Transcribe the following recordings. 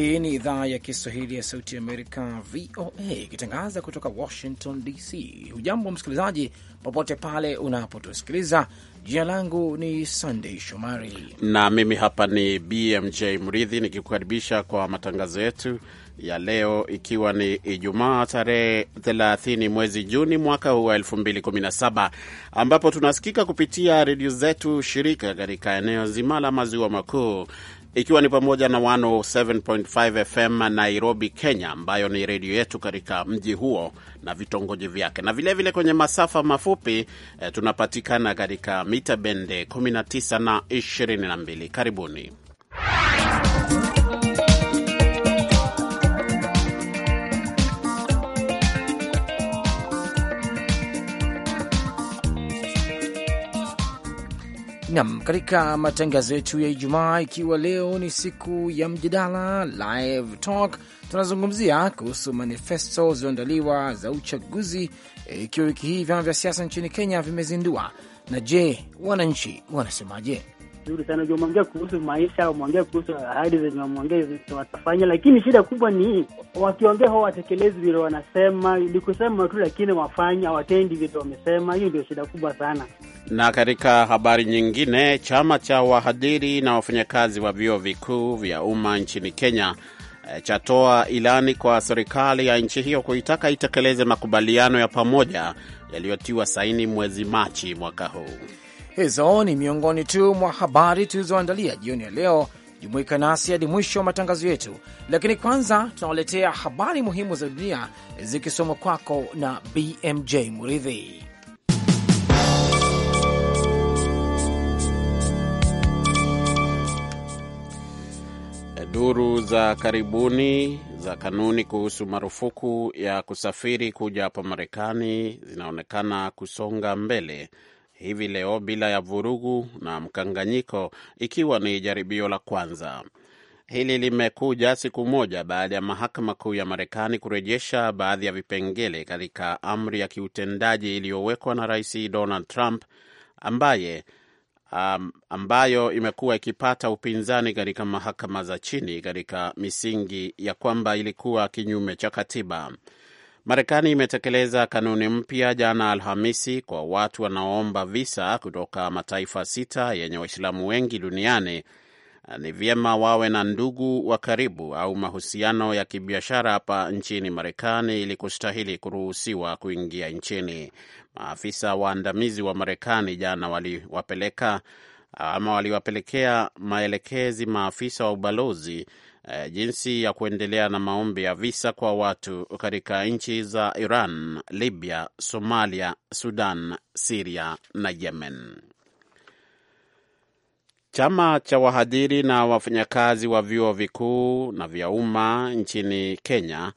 Hii ni idhaa ya Kiswahili ya Sauti ya Amerika, VOA, ikitangaza kutoka Washington DC. Hujambo msikilizaji, popote pale unapotusikiliza. Jina langu ni Sandey Shomari na mimi hapa ni BMJ Mridhi nikikukaribisha kwa matangazo yetu ya leo, ikiwa ni Ijumaa tarehe 30 mwezi Juni mwaka huu wa 2017 ambapo tunasikika kupitia redio zetu shirika katika eneo zima la maziwa makuu ikiwa ni pamoja na 107.5 FM Nairobi, Kenya, ambayo ni redio yetu katika mji huo na vitongoji vyake, na vilevile vile kwenye masafa mafupi eh, tunapatikana katika mita bende 19 na 22. Karibuni Nam, katika matangazo yetu ya Ijumaa, ikiwa leo ni siku ya mjadala live talk, tunazungumzia kuhusu manifesto zilizoandaliwa za uchaguzi, ikiwa wiki hii vyama vya siasa nchini Kenya vimezindua. Na je, wananchi wanasemaje? vizuri sana. Umeongea kuhusu maisha, umeongea kuhusu ahadi zenye wameongea watafanya, lakini shida kubwa ni wakiongea hao watekelezi vile wanasema, ni kusema tu, lakini wafanya hawatendi vile wamesema. Hiyo ndio shida kubwa sana. Na katika habari nyingine, chama cha wahadhiri na wafanyakazi wa vyuo vikuu vya umma nchini Kenya eh, chatoa ilani kwa serikali ya nchi hiyo kuitaka itekeleze makubaliano ya pamoja yaliyotiwa saini mwezi Machi mwaka huu. Hizo ni miongoni tu mwa habari tulizoandalia jioni ya leo. Jumuika nasi hadi mwisho wa matangazo yetu, lakini kwanza tunawaletea habari muhimu za dunia zikisomwa kwako na BMJ Muridhi. Duru za karibuni za kanuni kuhusu marufuku ya kusafiri kuja hapa Marekani zinaonekana kusonga mbele hivi leo bila ya vurugu na mkanganyiko, ikiwa ni jaribio la kwanza. Hili limekuja siku moja baada ya mahakama kuu ya Marekani kurejesha baadhi ya vipengele katika amri ya kiutendaji iliyowekwa na Rais Donald Trump ambaye Um, ambayo imekuwa ikipata upinzani katika mahakama za chini katika misingi ya kwamba ilikuwa kinyume cha katiba. Marekani imetekeleza kanuni mpya jana Alhamisi kwa watu wanaoomba visa kutoka mataifa sita yenye Waislamu wengi duniani. Ni vyema wawe na ndugu wa karibu au mahusiano ya kibiashara hapa nchini Marekani ili kustahili kuruhusiwa kuingia nchini. Maafisa waandamizi wa Marekani jana waliwapeleka ama waliwapelekea maelekezi maafisa wa ubalozi Eh, jinsi ya kuendelea na maombi ya visa kwa watu katika nchi za Iran, Libya, Somalia, Sudan, Siria na Yemen. Chama cha wahadhiri na wafanyakazi wa vyuo vikuu na vya umma nchini Kenya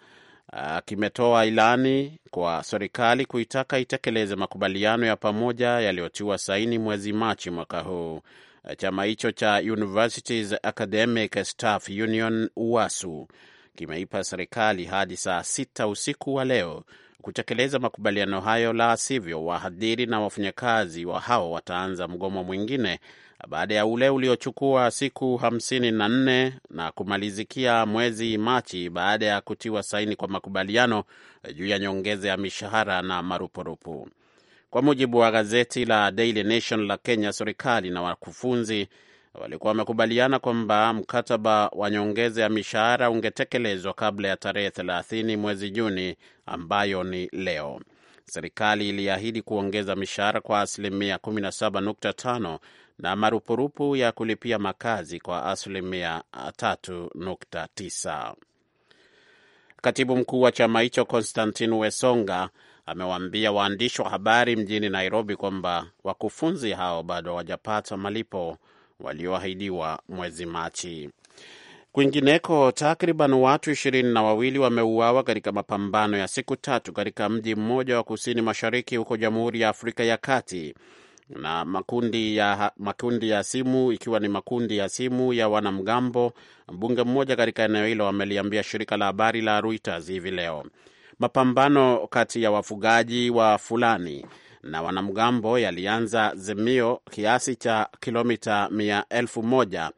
uh, kimetoa ilani kwa serikali kuitaka itekeleze makubaliano ya pamoja yaliyotiwa saini mwezi Machi mwaka huu Eh, chama hicho cha Universities Academic Staff Union UASU kimeipa serikali hadi saa sita usiku wa leo kutekeleza makubaliano hayo, la sivyo wahadhiri na wafanyakazi wa hao wataanza mgomo mwingine baada ya ule uliochukua siku hamsini na nne na kumalizikia mwezi Machi baada ya kutiwa saini kwa makubaliano eh, juu ya nyongeza ya mishahara na marupurupu. Kwa mujibu wa gazeti la Daily Nation la Kenya, serikali na wakufunzi walikuwa wamekubaliana kwamba mkataba wa nyongeza ya mishahara ungetekelezwa kabla ya tarehe thelathini mwezi Juni, ambayo ni leo. Serikali iliahidi kuongeza mishahara kwa asilimia 17.5 na marupurupu ya kulipia makazi kwa asilimia 3.9. Katibu mkuu wa chama hicho constantin Wesonga amewaambia waandishi wa habari mjini Nairobi kwamba wakufunzi hao bado hawajapata malipo walioahidiwa mwezi Machi. Kwingineko, takriban watu ishirini na wawili wameuawa katika mapambano ya siku tatu katika mji mmoja wa kusini mashariki huko Jamhuri ya Afrika ya Kati na makundi ya, makundi ya simu ikiwa ni makundi ya simu ya wanamgambo. Mbunge mmoja katika eneo hilo ameliambia shirika la habari la Reuters hivi leo. Mapambano kati ya wafugaji wa Fulani na wanamgambo yalianza Zemio, kiasi cha kilomita mia elfu moja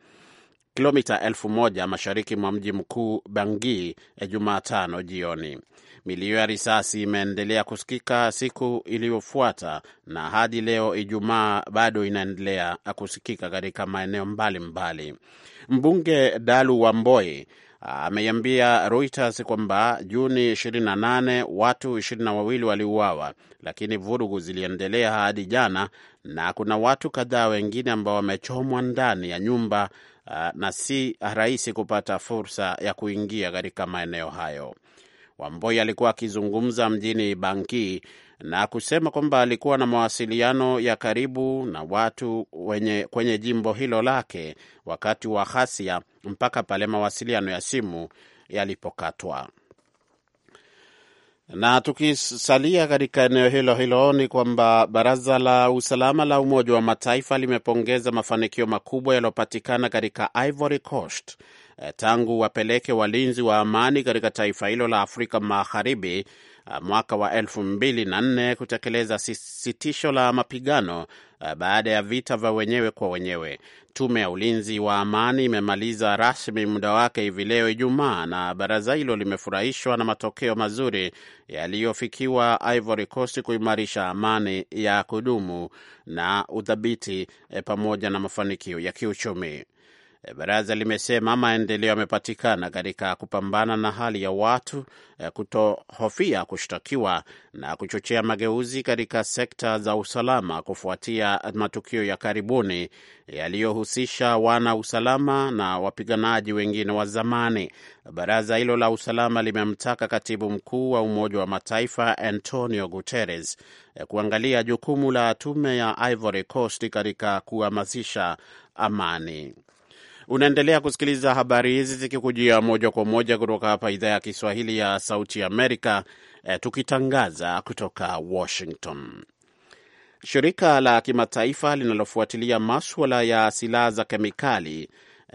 kilomita elfu moja mashariki mwa mji mkuu ya eh, Jumatano jioni. Milio ya risasi imeendelea kusikika siku iliyofuata na hadi leo Ijumaa bado inaendelea kusikika katika maeneo mbalimbali mbali. Mbunge Dalu Wamboi ameiambia Reuters kwamba Juni 28 watu 22 waliuawa, lakini vurugu ziliendelea hadi jana na kuna watu kadhaa wengine ambao wamechomwa ndani ya nyumba uh, na si rahisi kupata fursa ya kuingia katika maeneo hayo. Wamboi alikuwa akizungumza mjini Banki na kusema kwamba alikuwa na mawasiliano ya karibu na watu wenye, kwenye jimbo hilo lake wakati wa ghasia mpaka pale mawasiliano ya simu yalipokatwa. Na tukisalia katika eneo hilo hilo, ni kwamba baraza la usalama la Umoja wa Mataifa limepongeza mafanikio makubwa yaliyopatikana katika Ivory Coast eh, tangu wapeleke walinzi wa amani katika taifa hilo la Afrika Magharibi Uh, mwaka wa elfu mbili na nne kutekeleza sitisho la mapigano uh, baada ya vita vya wenyewe kwa wenyewe. Tume ya ulinzi wa amani imemaliza rasmi muda wake hivi leo Ijumaa, na baraza hilo limefurahishwa na matokeo mazuri yaliyofikiwa Ivory Coast kuimarisha amani ya kudumu na uthabiti eh, pamoja na mafanikio ya kiuchumi. E, baraza limesema maendeleo yamepatikana katika kupambana na hali ya watu e, kutohofia kushtakiwa na kuchochea mageuzi katika sekta za usalama kufuatia matukio ya karibuni yaliyohusisha wana usalama na wapiganaji wengine wa zamani. Baraza hilo la usalama limemtaka katibu mkuu wa Umoja wa Mataifa Antonio Guterres e, kuangalia jukumu la tume ya Ivory Coast katika kuhamasisha amani. Unaendelea kusikiliza habari hizi zikikujia moja kwa moja kutoka hapa idhaa ya Kiswahili ya Sauti Amerika, eh, tukitangaza kutoka Washington. Shirika la kimataifa linalofuatilia maswala ya silaha za kemikali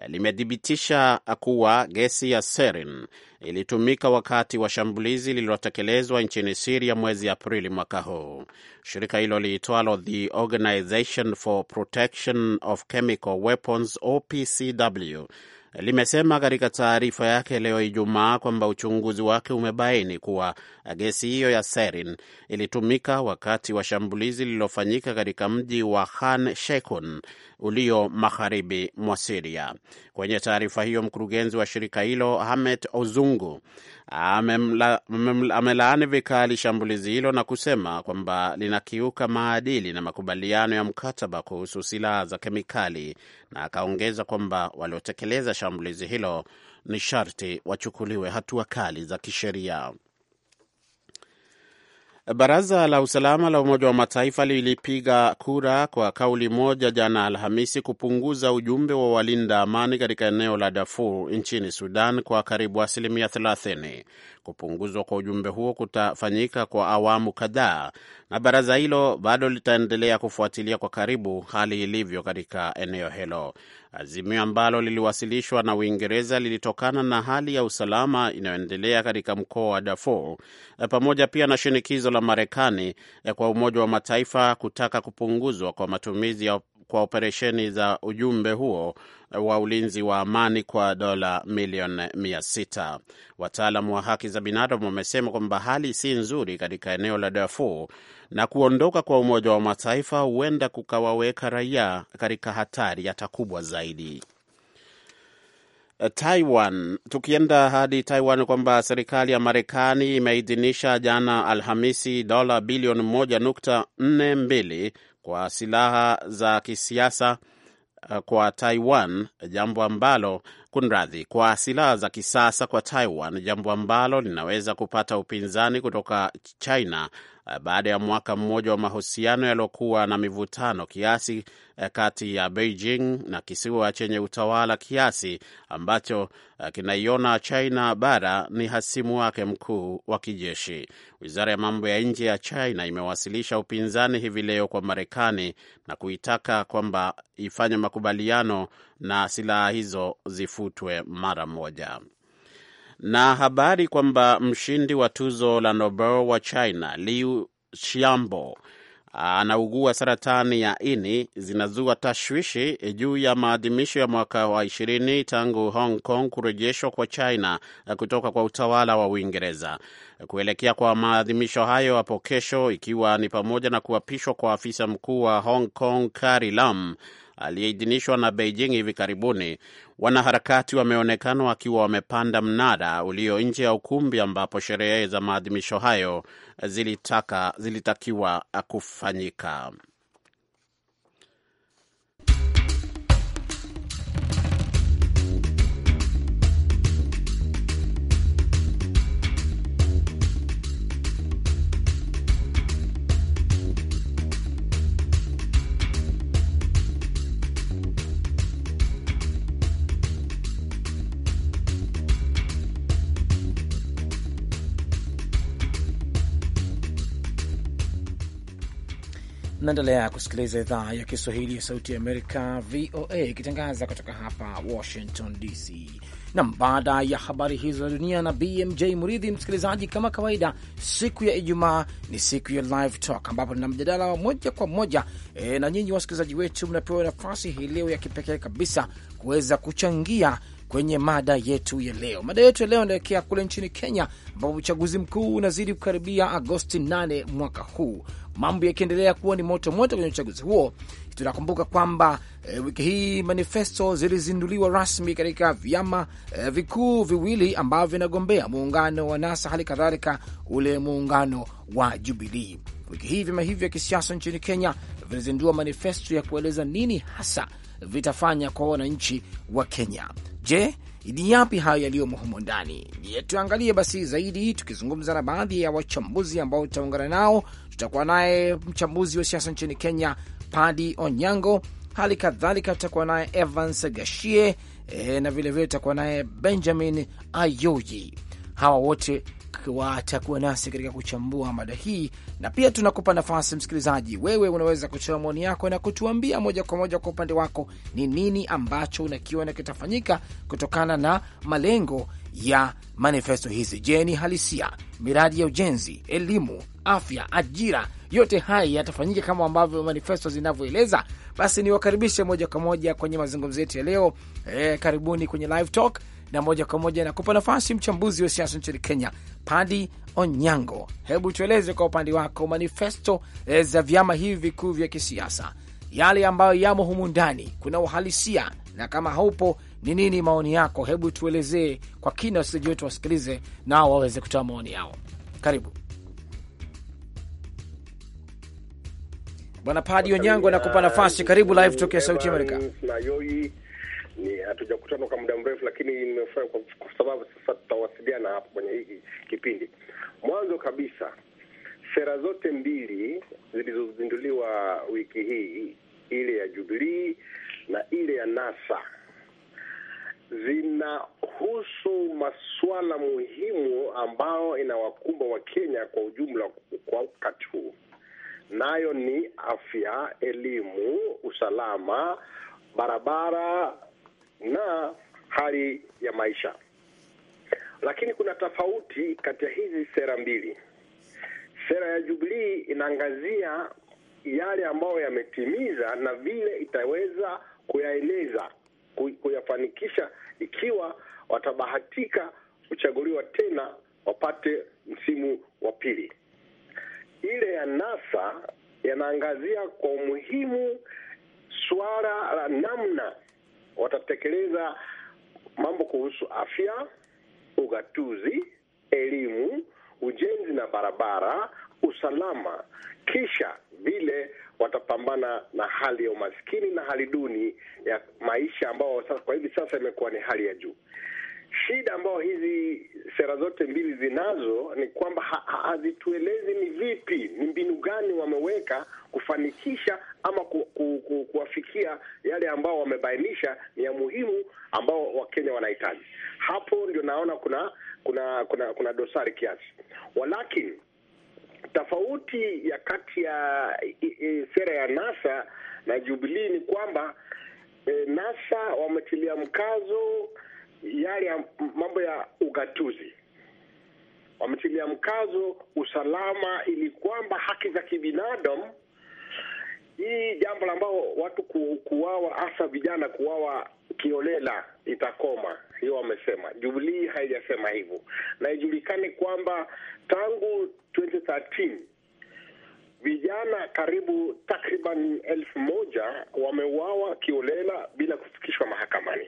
limethibitisha kuwa gesi ya sarin ilitumika wakati wa shambulizi lililotekelezwa nchini Siria mwezi Aprili mwaka huu. Shirika hilo liitwalo The Organization for Protection of Chemical Weapons, OPCW, limesema katika taarifa yake leo Ijumaa kwamba uchunguzi wake umebaini kuwa gesi hiyo ya sarin ilitumika wakati wa shambulizi lililofanyika katika mji wa Khan shekun ulio magharibi mwa Siria. Kwenye taarifa hiyo, mkurugenzi wa shirika hilo Hamet Ozungu amelaani vikali shambulizi hilo na kusema kwamba linakiuka maadili na makubaliano ya mkataba kuhusu silaha za kemikali, na akaongeza kwamba waliotekeleza shambulizi hilo ni sharti wachukuliwe hatua kali za kisheria. Baraza la usalama la Umoja wa Mataifa lilipiga kura kwa kauli moja jana Alhamisi kupunguza ujumbe wa walinda amani katika eneo la Darfur nchini Sudan kwa karibu asilimia 30. Kupunguzwa kwa ujumbe huo kutafanyika kwa awamu kadhaa, na baraza hilo bado litaendelea kufuatilia kwa karibu hali ilivyo katika eneo hilo. Azimio ambalo liliwasilishwa na Uingereza lilitokana na hali ya usalama inayoendelea katika mkoa wa Darfur pamoja pia na shinikizo la Marekani eh, kwa Umoja wa Mataifa kutaka kupunguzwa kwa matumizi ya, kwa operesheni za ujumbe huo wa ulinzi wa amani kwa dola milioni sita. Wataalamu wa haki za binadamu wamesema kwamba hali si nzuri katika eneo la Darfur na kuondoka kwa Umoja wa Mataifa huenda kukawaweka raia katika hatari hata kubwa zaidi. Taiwan. Tukienda hadi Taiwan, kwamba serikali ya Marekani imeidhinisha jana Alhamisi dola bilioni 1.42 kwa silaha za kisiasa kwa Taiwan, jambo ambalo kunradhi, kwa silaha za kisasa kwa Taiwan, jambo ambalo linaweza kupata upinzani kutoka China eh, baada ya mwaka mmoja wa mahusiano yaliyokuwa na mivutano kiasi eh, kati ya Beijing na kisiwa chenye utawala kiasi ambacho eh, kinaiona China bara ni hasimu wake mkuu wa kijeshi. Wizara ya mambo ya nje ya China imewasilisha upinzani hivi leo kwa Marekani na kuitaka kwamba ifanye makubaliano na silaha hizo zifutwe mara moja. Na habari kwamba mshindi wa tuzo la Nobel wa China Liu Xiaobo anaugua saratani ya ini zinazua tashwishi juu ya maadhimisho ya mwaka wa ishirini tangu Hong Kong kurejeshwa kwa China kutoka kwa utawala wa Uingereza. Kuelekea kwa maadhimisho hayo hapo kesho, ikiwa ni pamoja na kuapishwa kwa afisa mkuu wa Hong Kong Carrie Lam aliyeidhinishwa na Beijing hivi karibuni, wanaharakati wameonekana wakiwa wamepanda mnara ulio nje ya ukumbi ambapo sherehe za maadhimisho hayo zilitaka, zilitakiwa kufanyika. Naendelea kusikiliza idhaa ya Kiswahili ya Sauti ya Amerika, VOA, ikitangaza kutoka hapa Washington DC. Nam, baada ya habari hizo za dunia na BMJ Muridhi, msikilizaji, kama kawaida, siku ya Ijumaa ni siku ya Live Talk ambapo nina mjadala wa moja kwa moja e, na nyinyi wasikilizaji wetu mnapewa nafasi hii leo ya kipekee kabisa kuweza kuchangia kwenye mada yetu ya leo. Mada yetu ya leo inaelekea kule nchini Kenya, ambapo uchaguzi mkuu unazidi kukaribia Agosti 8 mwaka huu, mambo yakiendelea kuwa ni moto moto kwenye uchaguzi huo. Tunakumbuka kwamba e, wiki hii manifesto zilizinduliwa rasmi katika vyama e, vikuu viwili ambavyo vinagombea, muungano wa NASA hali kadhalika ule muungano wa Jubilii. Wiki hii vyama hivi vya kisiasa nchini Kenya vilizindua manifesto ya kueleza nini hasa vitafanya kwa wananchi wa Kenya. Je, ni yapi hayo yaliyomo humo ndani? Je, tuangalie basi zaidi, tukizungumza na baadhi ya wachambuzi ambao tutaungana nao. Tutakuwa naye mchambuzi wa siasa nchini Kenya, Padi Onyango, hali kadhalika tutakuwa naye Evans Gashie e, na vilevile tutakuwa naye Benjamin Ayoji. Hawa wote watakuwa nasi katika kuchambua mada hii, na pia tunakupa nafasi msikilizaji, wewe unaweza kutoa maoni yako na kutuambia moja kwa moja kwa upande wako ni nini ambacho unakiona kitafanyika kutokana na malengo ya manifesto hizi. Je, ni halisia? Miradi ya ujenzi, elimu, afya, ajira, yote haya yatafanyika kama ambavyo manifesto zinavyoeleza? Basi niwakaribishe moja kwa moja kwenye mazungumzo yetu ya leo. E, karibuni kwenye live talk na moja kwa moja nakupa nafasi mchambuzi wa siasa nchini Kenya, Padi Onyango. Hebu tueleze kwa upande wako manifesto eh, za vyama hivi vikuu vya kisiasa, yale ambayo yamo humu ndani, kuna uhalisia na kama haupo ni nini maoni yako? Hebu tuelezee kwa kina, wasikilizaji wetu wasikilize nao waweze kutoa maoni yao. Karibu Bwana Padi Onyango, nakupa nafasi. Karibu live tokea Sauti Amerika hatujakutana kwa muda mrefu, lakini nimefurahi kwa sababu sasa tutawasiliana hapo kwenye hiki kipindi. Mwanzo kabisa, sera zote mbili zilizozinduliwa wiki hii, ile ya jubilii na ile ya NASA, zinahusu masuala muhimu ambayo inawakumba Wakenya kwa ujumla kwa wakati huu, nayo ni afya, elimu, usalama, barabara na hali ya maisha. Lakini kuna tofauti kati ya hizi sera mbili. Sera ya Jubilii inaangazia yale ambayo yametimiza na vile itaweza kuyaeleza kuyafanikisha ikiwa watabahatika kuchaguliwa tena wapate msimu wa pili. Ile ya NASA yanaangazia kwa umuhimu suala la namna watatekeleza mambo kuhusu afya, ugatuzi, elimu, ujenzi na barabara, usalama, kisha vile watapambana na hali ya umaskini na hali duni ya maisha ambao sasa, kwa hivi sasa imekuwa ni hali ya juu. Shida ambayo hizi sera zote mbili zinazo ni kwamba hazituelezi ni vipi, ni mbinu gani wameweka kufanikisha ama ku, ku, ku, kuwafikia yale ambao wamebainisha ni ya muhimu ambao Wakenya wanahitaji. Hapo ndio naona kuna kuna kuna kuna dosari kiasi, walakini tofauti ya kati ya e, e, sera ya NASA na Jubilee ni kwamba e, NASA wametilia mkazo serikali ya mambo ya ugatuzi wametilia mkazo usalama, ili kwamba haki za kibinadamu hii jambo ambao watu ku, kuwawa hasa vijana kuwawa kiolela itakoma. Hiyo wamesema. Jubilii haijasema hivyo, na ijulikane kwamba tangu 2013 vijana karibu takriban elfu moja wameuawa kiolela bila kufikishwa mahakamani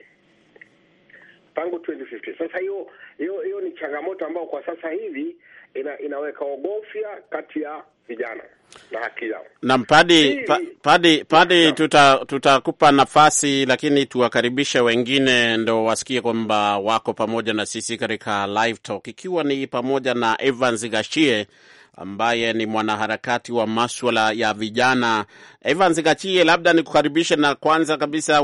tangu 2015. Sasa hiyo hiyo hiyo ni changamoto ambayo kwa sasa hivi ina, inaweka ogofya kati ya vijana na haki yao. Naam, padi padi padi, tuta tutakupa nafasi lakini tuwakaribishe wengine ndo wasikie kwamba wako pamoja na sisi katika live talk, ikiwa ni pamoja na Evans Gashie ambaye ni mwanaharakati wa maswala ya vijana. Evans Gachie, labda nikukaribishe, na kwanza kabisa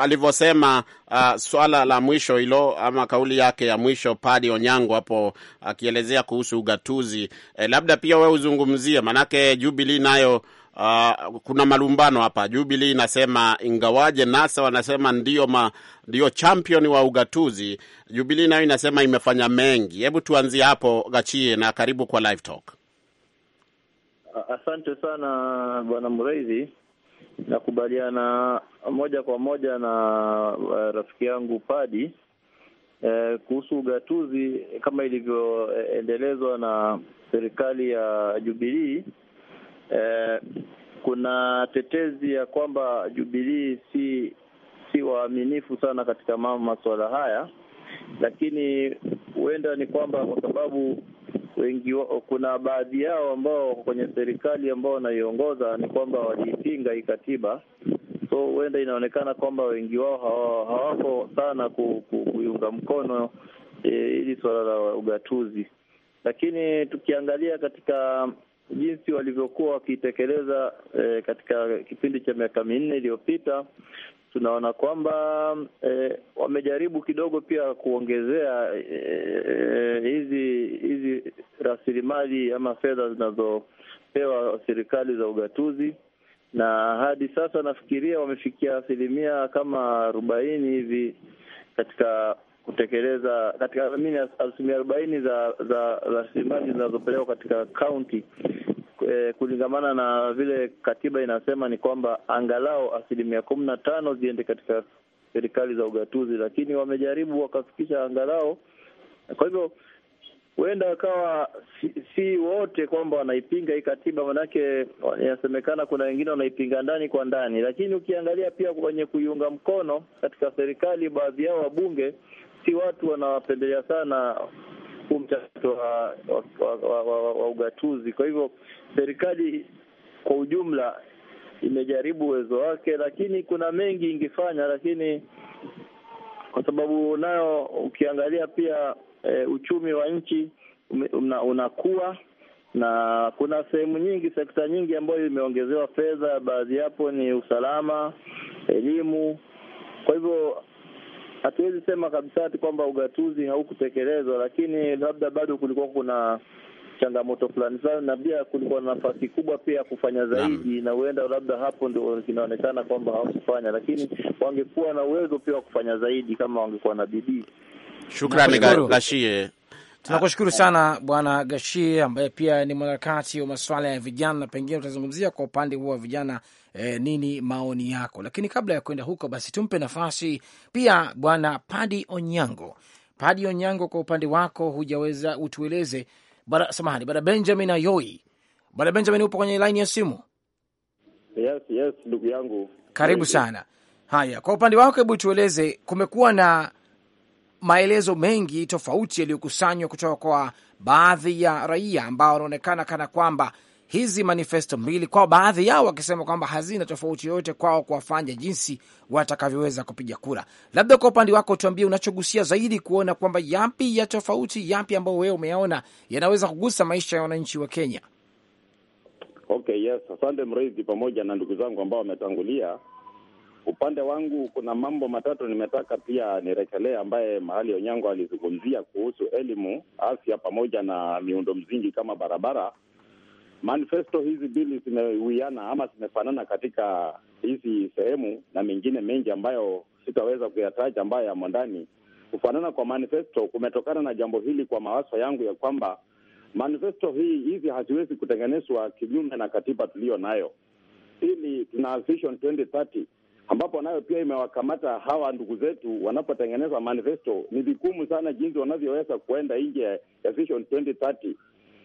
alivyosema uh, swala la mwisho hilo ama kauli yake ya mwisho Padi Onyango hapo akielezea kuhusu ugatuzi e, labda pia we uzungumzie, maanake Jubilee nayo Uh, kuna malumbano hapa. Jubilee inasema ingawaje NASA wanasema ndio ma, ndio champion wa ugatuzi, Jubilee nayo inasema imefanya mengi. Hebu tuanzie hapo Gachie, na karibu kwa Live Talk. Asante sana bwana Mreithi. Nakubaliana moja kwa moja na eh, rafiki yangu Padi eh, kuhusu ugatuzi kama ilivyoendelezwa eh, na serikali ya Jubilii. Eh, kuna tetezi ya kwamba Jubilii si si waaminifu sana katika mambo masuala haya, lakini huenda ni kwamba kwa sababu wengi wa, kuna baadhi yao ambao kwenye serikali ambao wanaiongoza ni kwamba waliipinga hii katiba, so huenda inaonekana kwamba wengi wao hawako sana ku, ku, kuiunga mkono e, hili e, suala la ugatuzi, lakini tukiangalia katika jinsi walivyokuwa wakitekeleza e, katika kipindi cha miaka minne iliyopita tunaona kwamba e, wamejaribu kidogo pia kuongezea eh, eh, hizi e, hizi rasilimali ama fedha zinazopewa serikali za ugatuzi, na hadi sasa nafikiria wamefikia asilimia kama arobaini hivi katika kutekeleza katika asilimia arobaini za rasilimali za, za, zinazopelekwa katika kaunti e, eh, kulingamana na vile katiba inasema ni kwamba angalau asilimia kumi na tano ziende katika serikali za ugatuzi, lakini wamejaribu wakafikisha angalau. Kwa hivyo huenda akawa si, si wote kwamba wanaipinga hii katiba, manake inasemekana kuna wengine wanaipinga ndani kwa ndani, lakini ukiangalia pia kwenye kuiunga mkono katika serikali, baadhi yao wabunge si watu wanawapendelea sana huu mchakato wa, wa, wa, wa, wa ugatuzi. Kwa hivyo serikali kwa ujumla imejaribu uwezo wake, lakini kuna mengi ingefanya, lakini kwa sababu nayo ukiangalia pia e, uchumi wa nchi unakuwa na kuna sehemu nyingi, sekta nyingi ambayo imeongezewa fedha. Baadhi yapo ni usalama, elimu. Kwa hivyo hatuwezi sema kabisa ati kwamba ugatuzi haukutekelezwa, lakini labda bado kulikuwa kuna changamoto fulani fulani, na pia kulikuwa na nafasi kubwa pia ya kufanya zaidi, na huenda labda hapo ndo kinaonekana kwamba hawakufanya, lakini wangekuwa na uwezo pia wa kufanya zaidi kama wangekuwa na bidii. Shukrani Gashie. Tunakushukuru sana Bwana Gashi, ambaye pia ni mwanaharakati wa masuala ya vijana, pengine utazungumzia kwa upande huo wa vijana eh, nini maoni yako. Lakini kabla ya kwenda huko, basi tumpe nafasi pia Bwana Padi Onyango. Padi Onyango, kwa upande wako hujaweza utueleze bara, samahani, Bwana Benjamin Ayoi. Bwana Benjamin, upo kwenye laini ya simu? Yes, yes, ndugu yangu, karibu sana. Haya, kwa upande wako, hebu tueleze, kumekuwa na maelezo mengi tofauti yaliyokusanywa kutoka kwa baadhi ya raia ambao wanaonekana kana kwamba hizi manifesto mbili kwao, baadhi yao wakisema kwamba hazina tofauti yoyote kwao kuwafanya jinsi watakavyoweza kupiga kura. Labda kwa upande wako tuambie unachogusia zaidi, kuona kwamba yapi ya tofauti, yapi ambayo wewe umeyaona yanaweza kugusa maisha ya wananchi wa Kenya. Okay, yes, asante Mrezi pamoja na ndugu zangu ambao wametangulia. Upande wangu kuna mambo matatu nimetaka pia nirekelee, ambaye Mahali Onyango alizungumzia kuhusu elimu, afya pamoja na miundo msingi kama barabara. Manifesto hizi mbili zimewiana ama zimefanana katika hizi sehemu na mengine mengi ambayo sitaweza kuyataja, ambayo yamo ndani. Kufanana kwa manifesto kumetokana na jambo hili, kwa mawazo yangu ya kwamba manifesto hii hizi haziwezi kutengenezwa kinyume na katiba tuliyo nayo. Hii ni tuna Vision 2030 ambapo nayo pia imewakamata hawa ndugu zetu wanapotengeneza manifesto. Ni vigumu sana jinsi wanavyoweza kuenda nje ya Vision 2030.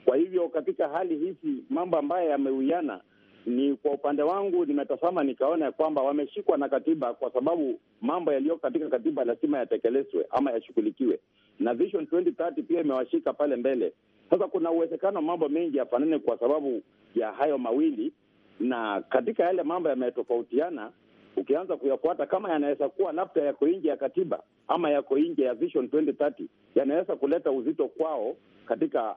Kwa hivyo katika hali hizi, mambo ambayo yameuiana ni kwa upande wangu nimetazama nikaona kwamba wameshikwa na katiba, kwa sababu mambo yaliyo katika katiba lazima yatekelezwe ama yashughulikiwe, na Vision 2030 pia imewashika pale mbele. Sasa kuna uwezekano mambo mengi yafanane kwa sababu ya hayo mawili, na katika yale mambo yametofautiana, ukianza kuyafuata kama yanaweza kuwa labda yako nje ya katiba ama yako nje ya Vision 2030 yanaweza kuleta uzito kwao katika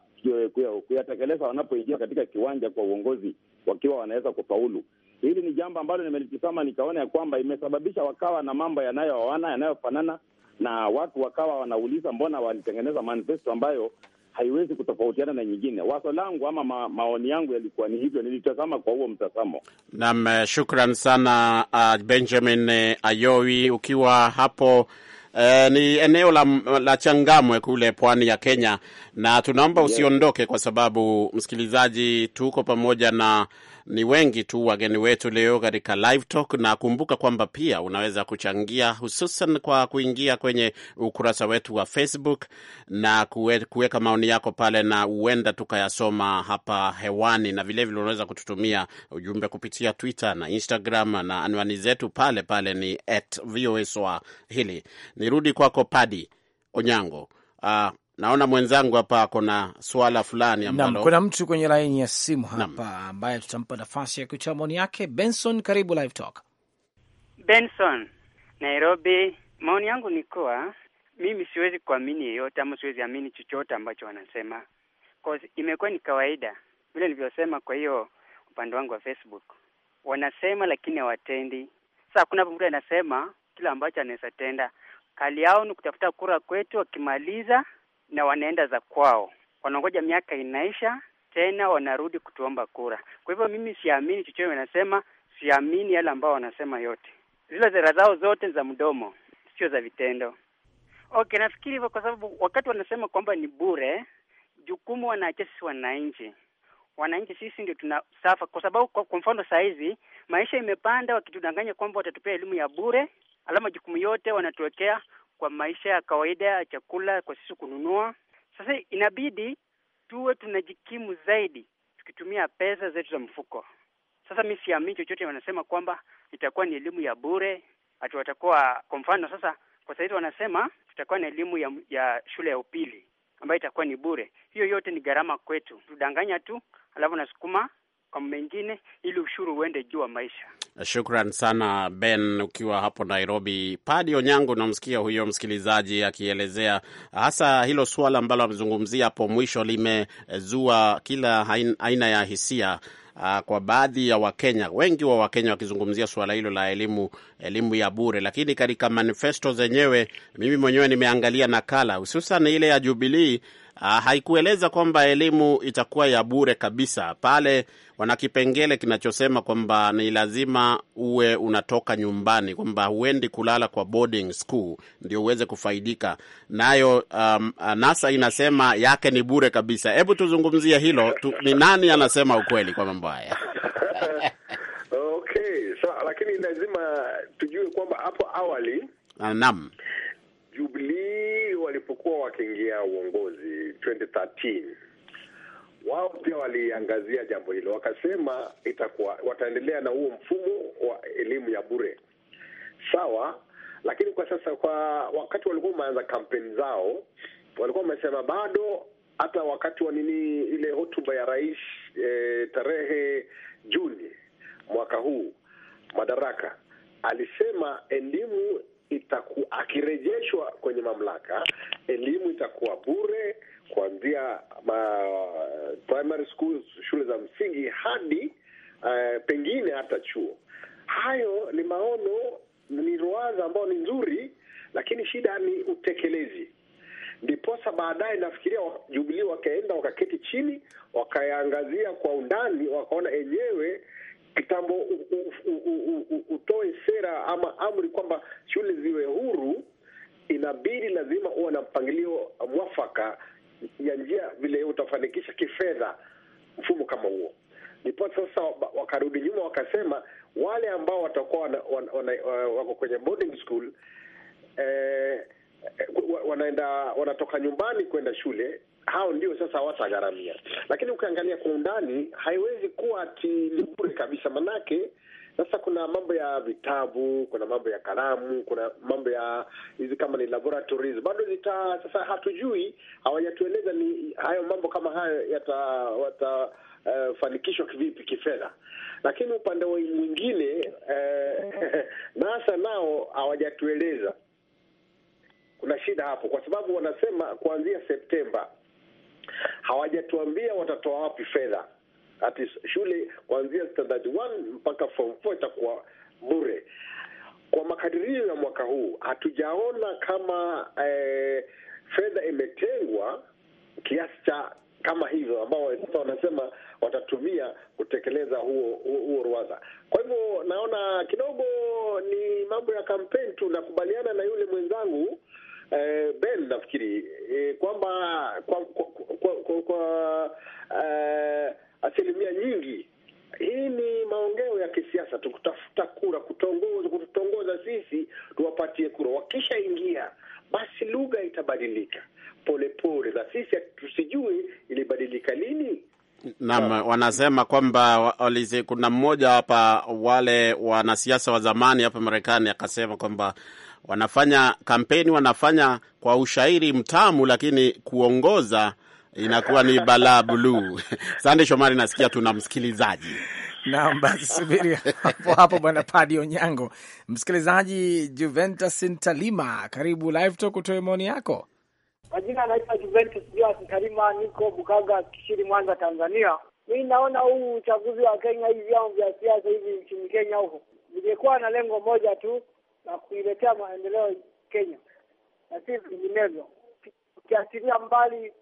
kuyatekeleza wanapoingia katika kiwanja kwa uongozi wakiwa wanaweza kufaulu. Hili ni jambo ambalo nimelitizama nikaona ya kwamba imesababisha wakawa na mambo yanayoana yanayofanana na watu wakawa wanauliza mbona walitengeneza manifesto ambayo haiwezi kutofautiana na nyingine. waso langu ama ma, maoni yangu yalikuwa ni hivyo, nilitazama kwa huo mtazamo. Naam, eh, shukran sana uh, Benjamin eh, Ayowi ukiwa hapo Uh, ni eneo la, la Changamwe kule pwani ya Kenya, na tunaomba usiondoke, kwa sababu msikilizaji, tuko pamoja na ni wengi tu wageni wetu leo katika live talk, na kumbuka kwamba pia unaweza kuchangia, hususan kwa kuingia kwenye ukurasa wetu wa Facebook na kuweka maoni yako pale, na huenda tukayasoma hapa hewani, na vilevile unaweza kututumia ujumbe kupitia Twitter na Instagram, na anwani zetu pale pale ni at VOA Swahili. Nirudi kwako Padi Onyango. Uh, naona mwenzangu hapa kuna swala fulani ambalo kuna mtu kwenye laini ya simu hapa ambaye tutampa nafasi ya kutoa maoni yake. Benson, karibu Live Talk. Benson, Nairobi. Maoni yangu ni kuwa mimi siwezi kuamini yeyote ama siwezi amini chochote ambacho wanasema, cause imekuwa ni kawaida vile nilivyosema. Kwa hiyo upande wangu wa Facebook wanasema, lakini hawatendi. Sasa kuna mtu anasema kile ambacho anaweza tenda, kali yao ni kutafuta kura kwetu, wakimaliza na wanaenda za kwao, wanangoja miaka inaisha tena wanarudi kutuomba kura. Kwa hivyo mimi siamini chochote wanasema, siamini yale ambao wanasema yote. Zile zera zao zote za mdomo, sio za vitendo. Okay, nafikiri hivyo kwa sababu wakati wanasema kwamba ni bure, jukumu wanaachia sisi wananchi. Wananchi sisi ndio tunasafa kwa sababu kwa mfano saa hizi maisha imepanda, wakitudanganya kwamba watatupea elimu ya bure, alama jukumu yote wanatuwekea kwa maisha ya kawaida ya chakula kwa sisi kununua. Sasa inabidi tuwe tunajikimu zaidi tukitumia pesa zetu za mfuko. Sasa mi siamini chochote wanasema kwamba itakuwa ni elimu ya bure, ati watakuwa kwa mfano sasa, kwa sahizi wanasema tutakuwa na elimu ya, ya shule ya upili ambayo itakuwa ni bure. Hiyo yote ni gharama kwetu, tudanganya tu alafu nasukuma kwa mengine ili ushuru uende juu wa maisha. Shukran sana Ben, ukiwa hapo Nairobi. Padi Onyango, unamsikia huyo msikilizaji akielezea hasa hilo suala ambalo amezungumzia hapo mwisho, limezua kila aina ya hisia ah, kwa baadhi ya Wakenya, wengi wa Wakenya wakizungumzia suala hilo la elimu, elimu ya bure. Lakini katika manifesto zenyewe, mimi mwenyewe nimeangalia nakala, hususan ile ya Jubilii Uh, haikueleza kwamba elimu itakuwa ya bure kabisa. Pale wana kipengele kinachosema kwamba ni lazima uwe unatoka nyumbani, kwamba huendi kulala kwa boarding school ndio uweze kufaidika nayo. Um, NASA inasema yake ni bure kabisa. Hebu tuzungumzie hilo tu, ni nani anasema ukweli kwa mambo haya? Okay, so, lakini lazima tujue kwamba hapo awali ah, naam Jubilee walipokuwa wakiingia uongozi 2013 wao pia waliangazia jambo hilo, wakasema itakuwa wataendelea na huo mfumo wa elimu ya bure sawa. Lakini kwa sasa, kwa wakati walikuwa wameanza kampeni zao, walikuwa wamesema bado, hata wakati wa nini, ile hotuba ya rais e, tarehe Juni mwaka huu madaraka, alisema elimu itaku, akirejeshwa kwenye mamlaka, elimu itakuwa bure kuanzia primary schools, shule za msingi hadi uh, pengine hata chuo. Hayo ni maono, ni ruwaza ambayo ni nzuri, lakini shida ni utekelezi. Ndiposa baadaye nafikiria Jubilii wakaenda wakaketi chini, wakayaangazia kwa undani, wakaona enyewe kitambo utoe sera ama amri kwamba shule ziwe huru, inabidi lazima uwe na mpangilio mwafaka ya njia vile utafanikisha kifedha mfumo kama huo. Ndipo sasa wakarudi nyuma, wakasema wale ambao watakuwa wana, wana, wana, uh, wako kwenye boarding school eh, eh wanaenda wanatoka nyumbani kwenda shule hao ndio sasa watagharamia. Lakini ukiangalia kwa undani, haiwezi kuwa ati ni bure kabisa, manake sasa kuna mambo ya vitabu, kuna mambo ya kalamu, kuna mambo ya hizi kama ni laboratories bado zita, sasa hatujui, hawajatueleza ni hayo mambo kama hayo yatafanikishwa eh, uh, kivipi kifedha. Lakini upande mwingine eh, NASA nao hawajatueleza kuna shida hapo, kwa sababu wanasema kuanzia Septemba hawajatuambia watatoa wapi fedha. Ati shule kuanzia standard mpaka form itakuwa bure. Kwa makadirio ya mwaka huu hatujaona kama eh, fedha imetengwa kiasi cha kama hivyo ambao sasa wanasema watatumia kutekeleza huo huo, huo ruwaza. Kwa hivyo naona kidogo ni mambo ya kampeni tu. Nakubaliana na yule mwenzangu eh, Ben nafikiri eh, kwamba kwa, kwa, kwa, kwa, kwa uh, asilimia nyingi. Hii ni maongeo ya kisiasa tu, kutafuta kura, kutongoza, kututongoza sisi tuwapatie kura. Wakishaingia basi lugha itabadilika polepole, na sisi tusijui ilibadilika lini. Naam, wanasema kwamba kuna mmoja hapa, wale wanasiasa wa zamani hapa Marekani akasema kwamba wanafanya kampeni, wanafanya kwa ushairi mtamu, lakini kuongoza inakuwa ni balaa buluu. Sande Shomari, nasikia tuna msikilizaji nam. basi subiri hapo hapo bwana Padi Onyango. Msikilizaji Juventus Ntalima, karibu Live Talk, utoe maoni yako. Kwa jina anaitwa Juventus Joas Ntalima, niko Bukaga Kishiri, Mwanza, Tanzania. Mi naona huu uchaguzi wa Kenya, hivi vyama vya siasa hivi nchini Kenya huko vilikuwa na lengo moja tu la kuiletea maendeleo Kenya na si vinginevyo, ukiasiria mbali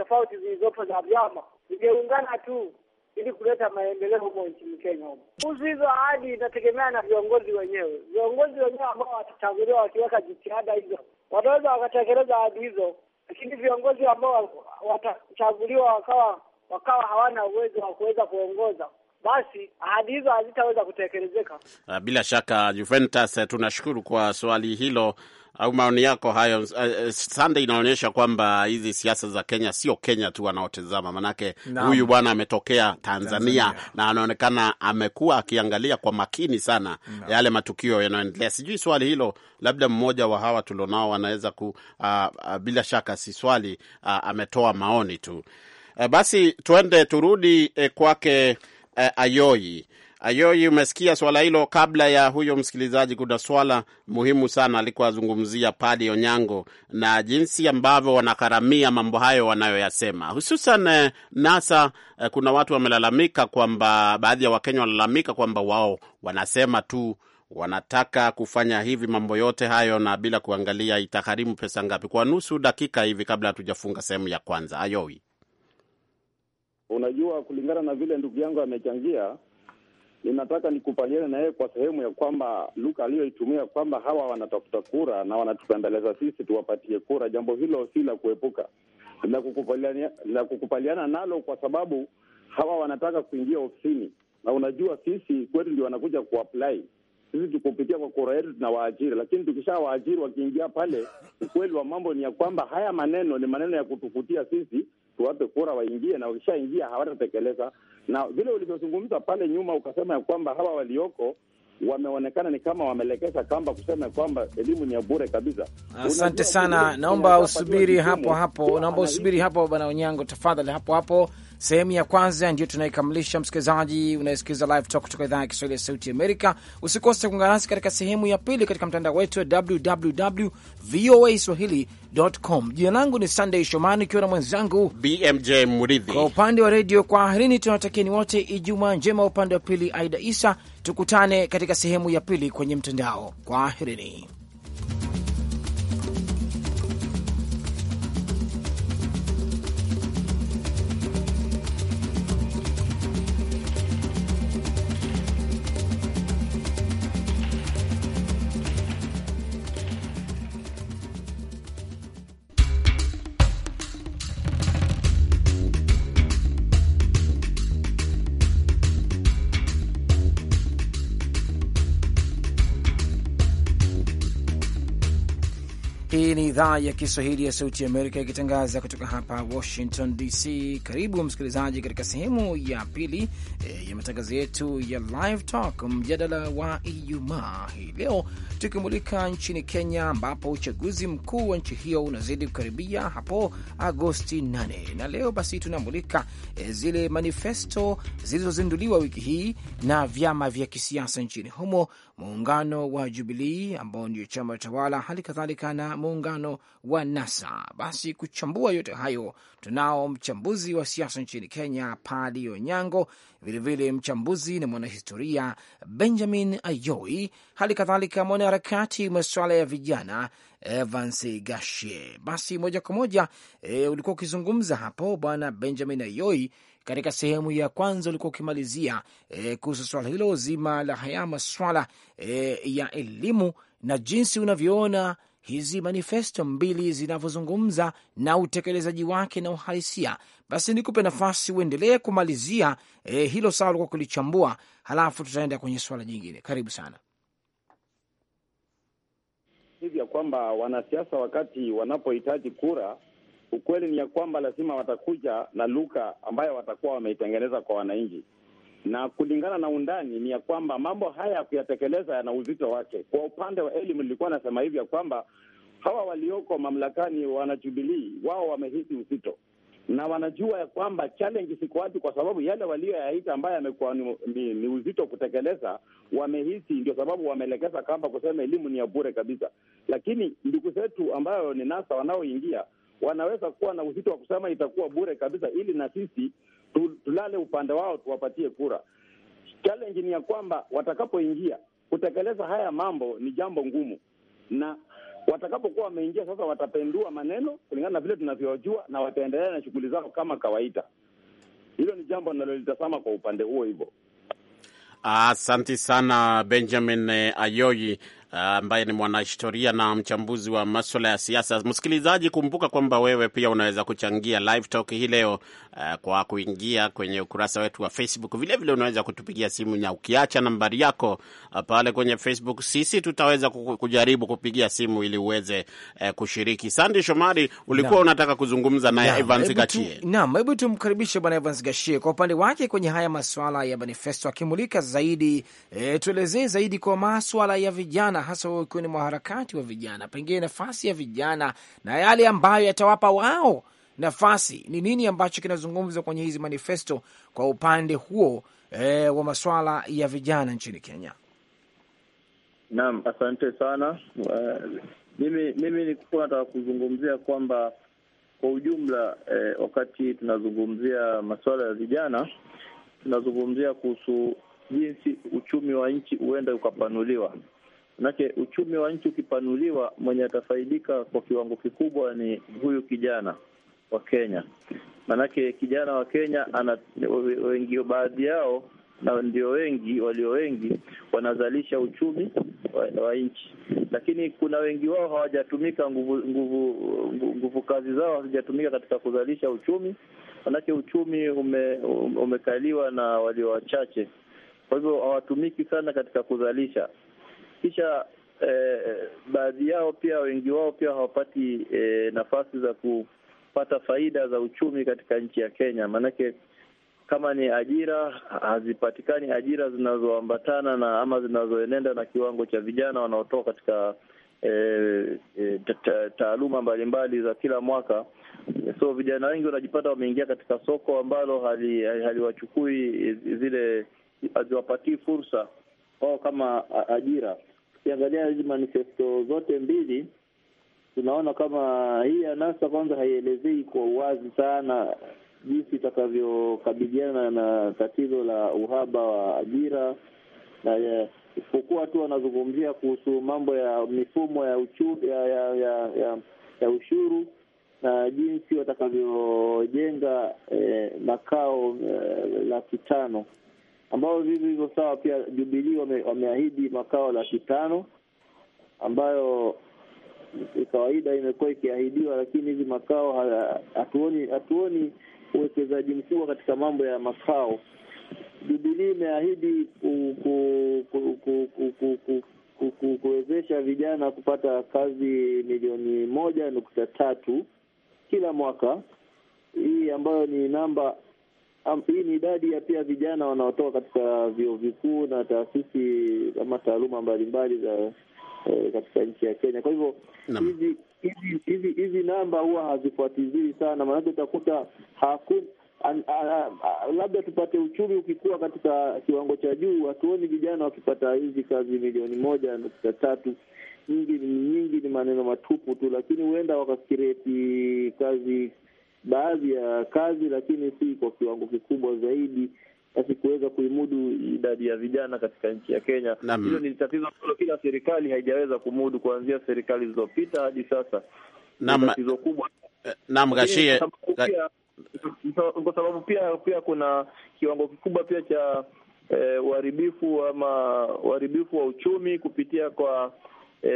tofauti zilizopo za vyama zingeungana tu ili kuleta maendeleo humo nchini Kenya Kuhusu hizo ahadi, inategemea na viongozi wenyewe. Viongozi wenyewe ambao watachaguliwa wakiweka jitihada hizo, wanaweza wakatekeleza ahadi hizo, lakini viongozi ambao watachaguliwa wakawa wakawa hawana uwezo wa kuweza kuongoza basi ahadi hizo hazitaweza kutekelezeka. Ah, bila shaka, Juventus, eh, tunashukuru kwa swali hilo au maoni yako hayo, uh, Sunday, inaonyesha kwamba hizi siasa za Kenya sio Kenya tu wanaotazama, manake huyu bwana ametokea Tanzania, Tanzania, na anaonekana amekuwa akiangalia kwa makini sana Naam. yale matukio yanayoendelea. Sijui swali hilo labda mmoja wa hawa tulionao anaweza ku uh, uh, bila shaka si swali uh, ametoa maoni tu uh, basi tuende turudi uh, kwake uh, Ayoi Ayoi, umesikia swala hilo kabla ya huyo msikilizaji. Kuna swala muhimu sana alikuwa azungumzia Padi Onyango na jinsi ambavyo wanakaramia mambo hayo wanayoyasema, hususan eh, NASA. Eh, kuna watu wamelalamika kwamba, baadhi ya Wakenya wanalalamika kwamba wao wanasema tu wanataka kufanya hivi mambo yote hayo na bila kuangalia itagharimu pesa ngapi. Kwa nusu dakika hivi, kabla hatujafunga sehemu ya kwanza, Ayoi, unajua kulingana na vile ndugu yangu amechangia ninataka nikupaliane na yeye kwa sehemu ya kwamba lugha aliyoitumia kwamba hawa wanatafuta kura na wanatupembeleza sisi tuwapatie kura, jambo hilo si la kuepuka, la kukupaliana nalo, kwa sababu hawa wanataka kuingia ofisini, na unajua sisi kwetu ndio wanakuja kuapply sisi tukupitia kwa kura yetu tuna waajiri lakini tukisha waajiri wakiingia pale, ukweli wa mambo ni ya kwamba haya maneno ni maneno ya kutufutia sisi tuwape kura waingie, na wakishaingia hawatatekeleza. Na vile ulivyozungumza pale nyuma, ukasema ya kwamba hawa walioko wameonekana ni kama wamelekeza kamba kusema kwamba elimu ni ya bure kabisa. Asante sana, naomba usubiri hapo hapo, naomba usubiri hapo bwana Onyango, tafadhali hapo hapo. Sehemu ya kwanza ndiyo tunaikamilisha. Msikilizaji unayesikiliza Live Talk kutoka idhaa ya Kiswahili ya Sauti Amerika, usikose kuungana nasi katika sehemu ya pili katika mtandao wetu wa www voa swahili.com. Jina langu ni Sunday Shomani ikiwa na mwenzangu BMJ Muridhi kwa upande wa redio. Kwa ahirini, ni wote Ijumaa njema. Upande wa pili, Aida Isa. Tukutane katika sehemu ya pili kwenye mtandao. Kwa ahirini. Hii ni idhaa ya Kiswahili ya Sauti ya Amerika ikitangaza kutoka hapa Washington DC. Karibu msikilizaji, katika sehemu ya pili e, ya matangazo yetu ya Live Talk, mjadala wa Ijumaa hii leo, tukimulika nchini Kenya ambapo uchaguzi mkuu wa nchi hiyo unazidi kukaribia hapo Agosti 8, na leo basi tunamulika e, zile manifesto zilizozinduliwa wiki hii na vyama vya kisiasa nchini humo muungano wa Jubilii ambao ndio chama tawala, hali kadhalika na muungano wa NASA. Basi kuchambua yote hayo, tunao mchambuzi wa siasa nchini Kenya, Padi Onyango, vilevile mchambuzi na mwanahistoria Benjamin Ayoi, hali kadhalika mwanaharakati masuala ya vijana Evans Gashie. Basi moja kwa moja e, ulikuwa ukizungumza hapo Bwana Benjamin Ayoi katika sehemu ya kwanza ulikuwa ukimalizia e, kuhusu swala hilo zima la haya maswala e, ya elimu na jinsi unavyoona hizi manifesto mbili zinavyozungumza na utekelezaji wake na uhalisia. Basi nikupe nafasi uendelee kumalizia e, hilo sawa ulikuwa kulichambua, halafu tutaenda kwenye swala jingine. Karibu sana. ya kwamba wanasiasa wakati wanapohitaji kura ukweli ni ya kwamba lazima watakuja na lugha ambayo watakuwa wameitengeneza kwa wananchi, na kulingana na undani ni ya kwamba mambo haya ya kuyatekeleza yana uzito wake. Kwa upande wa elimu, nilikuwa nasema hivi ya kwamba hawa walioko mamlakani, wanajubilii, wao wamehisi uzito na wanajua ya kwamba challenge siko wapi, kwa sababu yale walioyaita ambayo yamekuwa ni, ni, ni uzito kutekeleza, wamehisi ndio sababu wameelekeza kamba kusema elimu ni ya bure kabisa. Lakini ndugu zetu ambayo ni NASA wanaoingia wanaweza kuwa na uzito wa kusema itakuwa bure kabisa, ili na sisi tulale upande wao, tuwapatie kura. Challenge ni ya kwamba watakapoingia kutekeleza haya mambo ni jambo ngumu, na watakapokuwa wameingia sasa, watapendua maneno kulingana na vile tunavyojua, na wataendelea na shughuli zao kama kawaida. Hilo ni jambo linalolitazama kwa upande huo hivyo. Asante sana Benjamin Ayoyi. Ah, ambaye uh, ni mwanahistoria na mchambuzi wa maswala ya siasa. Msikilizaji, kumbuka kwamba wewe pia unaweza kuchangia live talk hii leo Eh, kwa kuingia kwenye ukurasa wetu wa Facebook. Vilevile vile unaweza kutupigia simu na ukiacha nambari yako eh, pale kwenye Facebook, sisi tutaweza kujaribu kupigia simu ili uweze eh, kushiriki. Sandi Shomari, ulikuwa na unataka kuzungumza naye Evans Gachie. Naam, hebu tumkaribishe bwana Evans Gachie kwa upande wake kwenye haya maswala ya manifesto, akimulika zaidi e, tuelezee zaidi kwa maswala ya vijana, hasa ukiwa ni mwaharakati wa vijana, pengine nafasi ya vijana na yale ambayo yatawapa wao nafasi, ni nini ambacho kinazungumzwa kwenye hizi manifesto kwa upande huo e, wa masuala ya vijana nchini Kenya? Naam, asante sana. Uh, mimi mimi nilikuwa nataka kuzungumzia kwamba kwa ujumla eh, wakati tunazungumzia masuala ya vijana tunazungumzia kuhusu jinsi uchumi wa nchi huenda ukapanuliwa. Manake uchumi wa nchi ukipanuliwa, mwenye atafaidika kwa kiwango kikubwa ni huyu kijana wa Kenya, maanake kijana wa Kenya ana wengi, baadhi yao na ndio wengi walio wengi wanazalisha uchumi wa, wa nchi, lakini kuna wengi wao hawajatumika nguvu, nguvu, nguvu kazi zao hazijatumika katika kuzalisha uchumi, manake uchumi ume, umekaliwa na walio wachache, kwa hivyo hawatumiki sana katika kuzalisha. Kisha eh, baadhi yao pia wengi wao pia hawapati eh, nafasi za ku kupata faida za uchumi katika nchi ya Kenya, maanake kama ni ajira hazipatikani ajira zinazoambatana na ama zinazoenenda na kiwango cha vijana wanaotoka katika e, e, taaluma mbalimbali za kila mwaka. So vijana wengi wanajipata wameingia katika soko ambalo haliwachukui hali zile haziwapatii fursa wao kama ajira. Ukiangalia hizi manifesto zote mbili tunaona kama hii ya nasa kwanza haielezei kwa uwazi sana jinsi itakavyokabiliana na tatizo la uhaba wa ajira na isipokuwa tu wanazungumzia kuhusu mambo ya mifumo ya uchu, ya, ya, ya, ya, ya ushuru na jinsi watakavyojenga eh, makao eh, laki tano ambayo vivi hivyo sawa. Pia Jubilii wame, wameahidi makao laki tano ambayo kawaida imekuwa ikiahidiwa, lakini hizi makao hatuoni hatuoni uwekezaji mkubwa katika mambo ya makao. Jubilii imeahidi kuwezesha vijana kupata kazi milioni moja nukta tatu kila mwaka, hii ambayo ni namba am, hii ni idadi ya pia vijana wanaotoka katika vyuo vikuu na taasisi ama taaluma mbalimbali za Eh, katika nchi ya Kenya. Kwa hivyo hizi hizi hizi hizi namba huwa hazifuatizii sana, maanake utakuta hakuna labda tupate uchumi ukikuwa katika kiwango cha juu, hatuoni vijana wakipata hizi kazi milioni moja nukta tatu. Nyingi nyingi ni maneno matupu tu, lakini huenda wakakireti kazi, baadhi ya kazi, lakini si kwa kiwango kikubwa zaidi basi kuweza kuimudu idadi ya vijana katika nchi ya Kenya. Hilo ni tatizo ambalo kila serikali haijaweza kumudu, kuanzia serikali zilizopita hadi sasa. tatizo kubwa. Eh, naam, Gashie, kwa sababu pia pia kuna kiwango kikubwa pia cha eh, uharibifu ama uharibifu wa uchumi kupitia kwa E,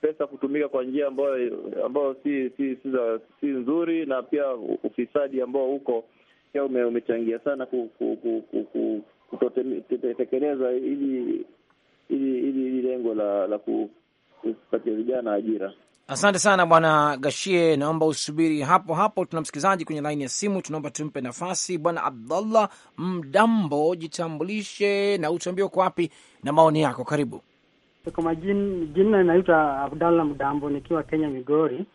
pesa kutumika kwa njia ambayo ambayo si si si, si nzuri na pia ufisadi ambao uko pia umechangia sana ku, ku, ku, ku, ku, kutotekeleza ili ili lengo la la kupatia vijana ajira. Asante sana Bwana Gashie, naomba usubiri hapo hapo. Tuna msikilizaji kwenye laini ya simu, tunaomba tumpe nafasi. Bwana Abdallah Mdambo, jitambulishe na utuambie uko wapi na maoni yako. Karibu. Kwa majina, jina inaitwa Abdallah Mdambo, nikiwa Kenya, Migori.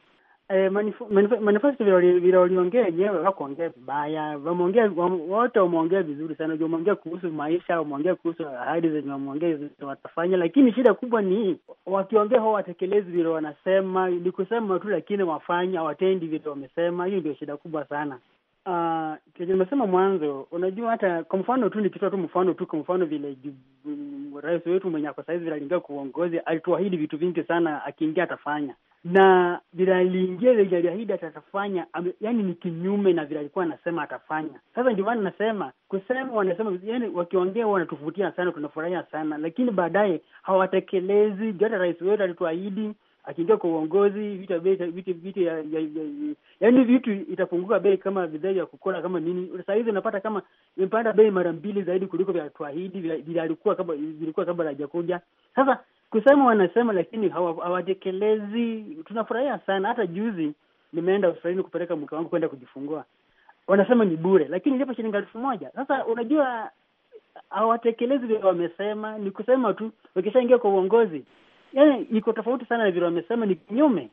Eh, manifesto vile waliongea wenyewe wakuongea vibaya, wameongea wote, wameongea vizuri sana juu wameongea kuhusu maisha, wameongea kuhusu ahadi zenye wameongea watafanya, lakini shida kubwa ni wakiongea hao watekelezi vile wanasema, ni kusema tu, lakini wafanya watendi vile wamesema. Hiyo ndio shida kubwa sana. Uh, nimesema mwanzo, unajua hata kwa mfano tu nikitoa tu mfano tu, kwa mfano vile rais wetu mwenye ako saizi vile aliingia kuongozi, alituahidi vitu vingi sana, akiingia atafanya, na vile aliingia vile aliahidi atafanya, yani ni kinyume na vile alikuwa anasema atafanya. Sasa ndio maana nasema kusema, wanasema yani, wakiongea wanatuvutia sana, tunafurahia sana, lakini baadaye hawatekelezi. Ndio hata rais wetu alituahidi akiingia kwa uongozi vitu bei vitu vitu ya, ya, ya, yaani vitu itapunguka bei kama bidhaa ya kukola kama nini. Sasa hizi unapata kama imepanda bei mara mbili zaidi kuliko vya twahidi vile alikuwa kabla vilikuwa kabla hajakuja. Sasa kusema wanasema, lakini hawatekelezi. Tunafurahia sana. Hata juzi nimeenda hospitalini kupeleka mke wangu kwenda kujifungua, wanasema ni bure, lakini ilipo shilingi elfu moja. Sasa unajua hawatekelezi vile wamesema, ni kusema tu, wakishaingia kwa uongozi yani iko tofauti sana na vile wamesema, ni kinyume.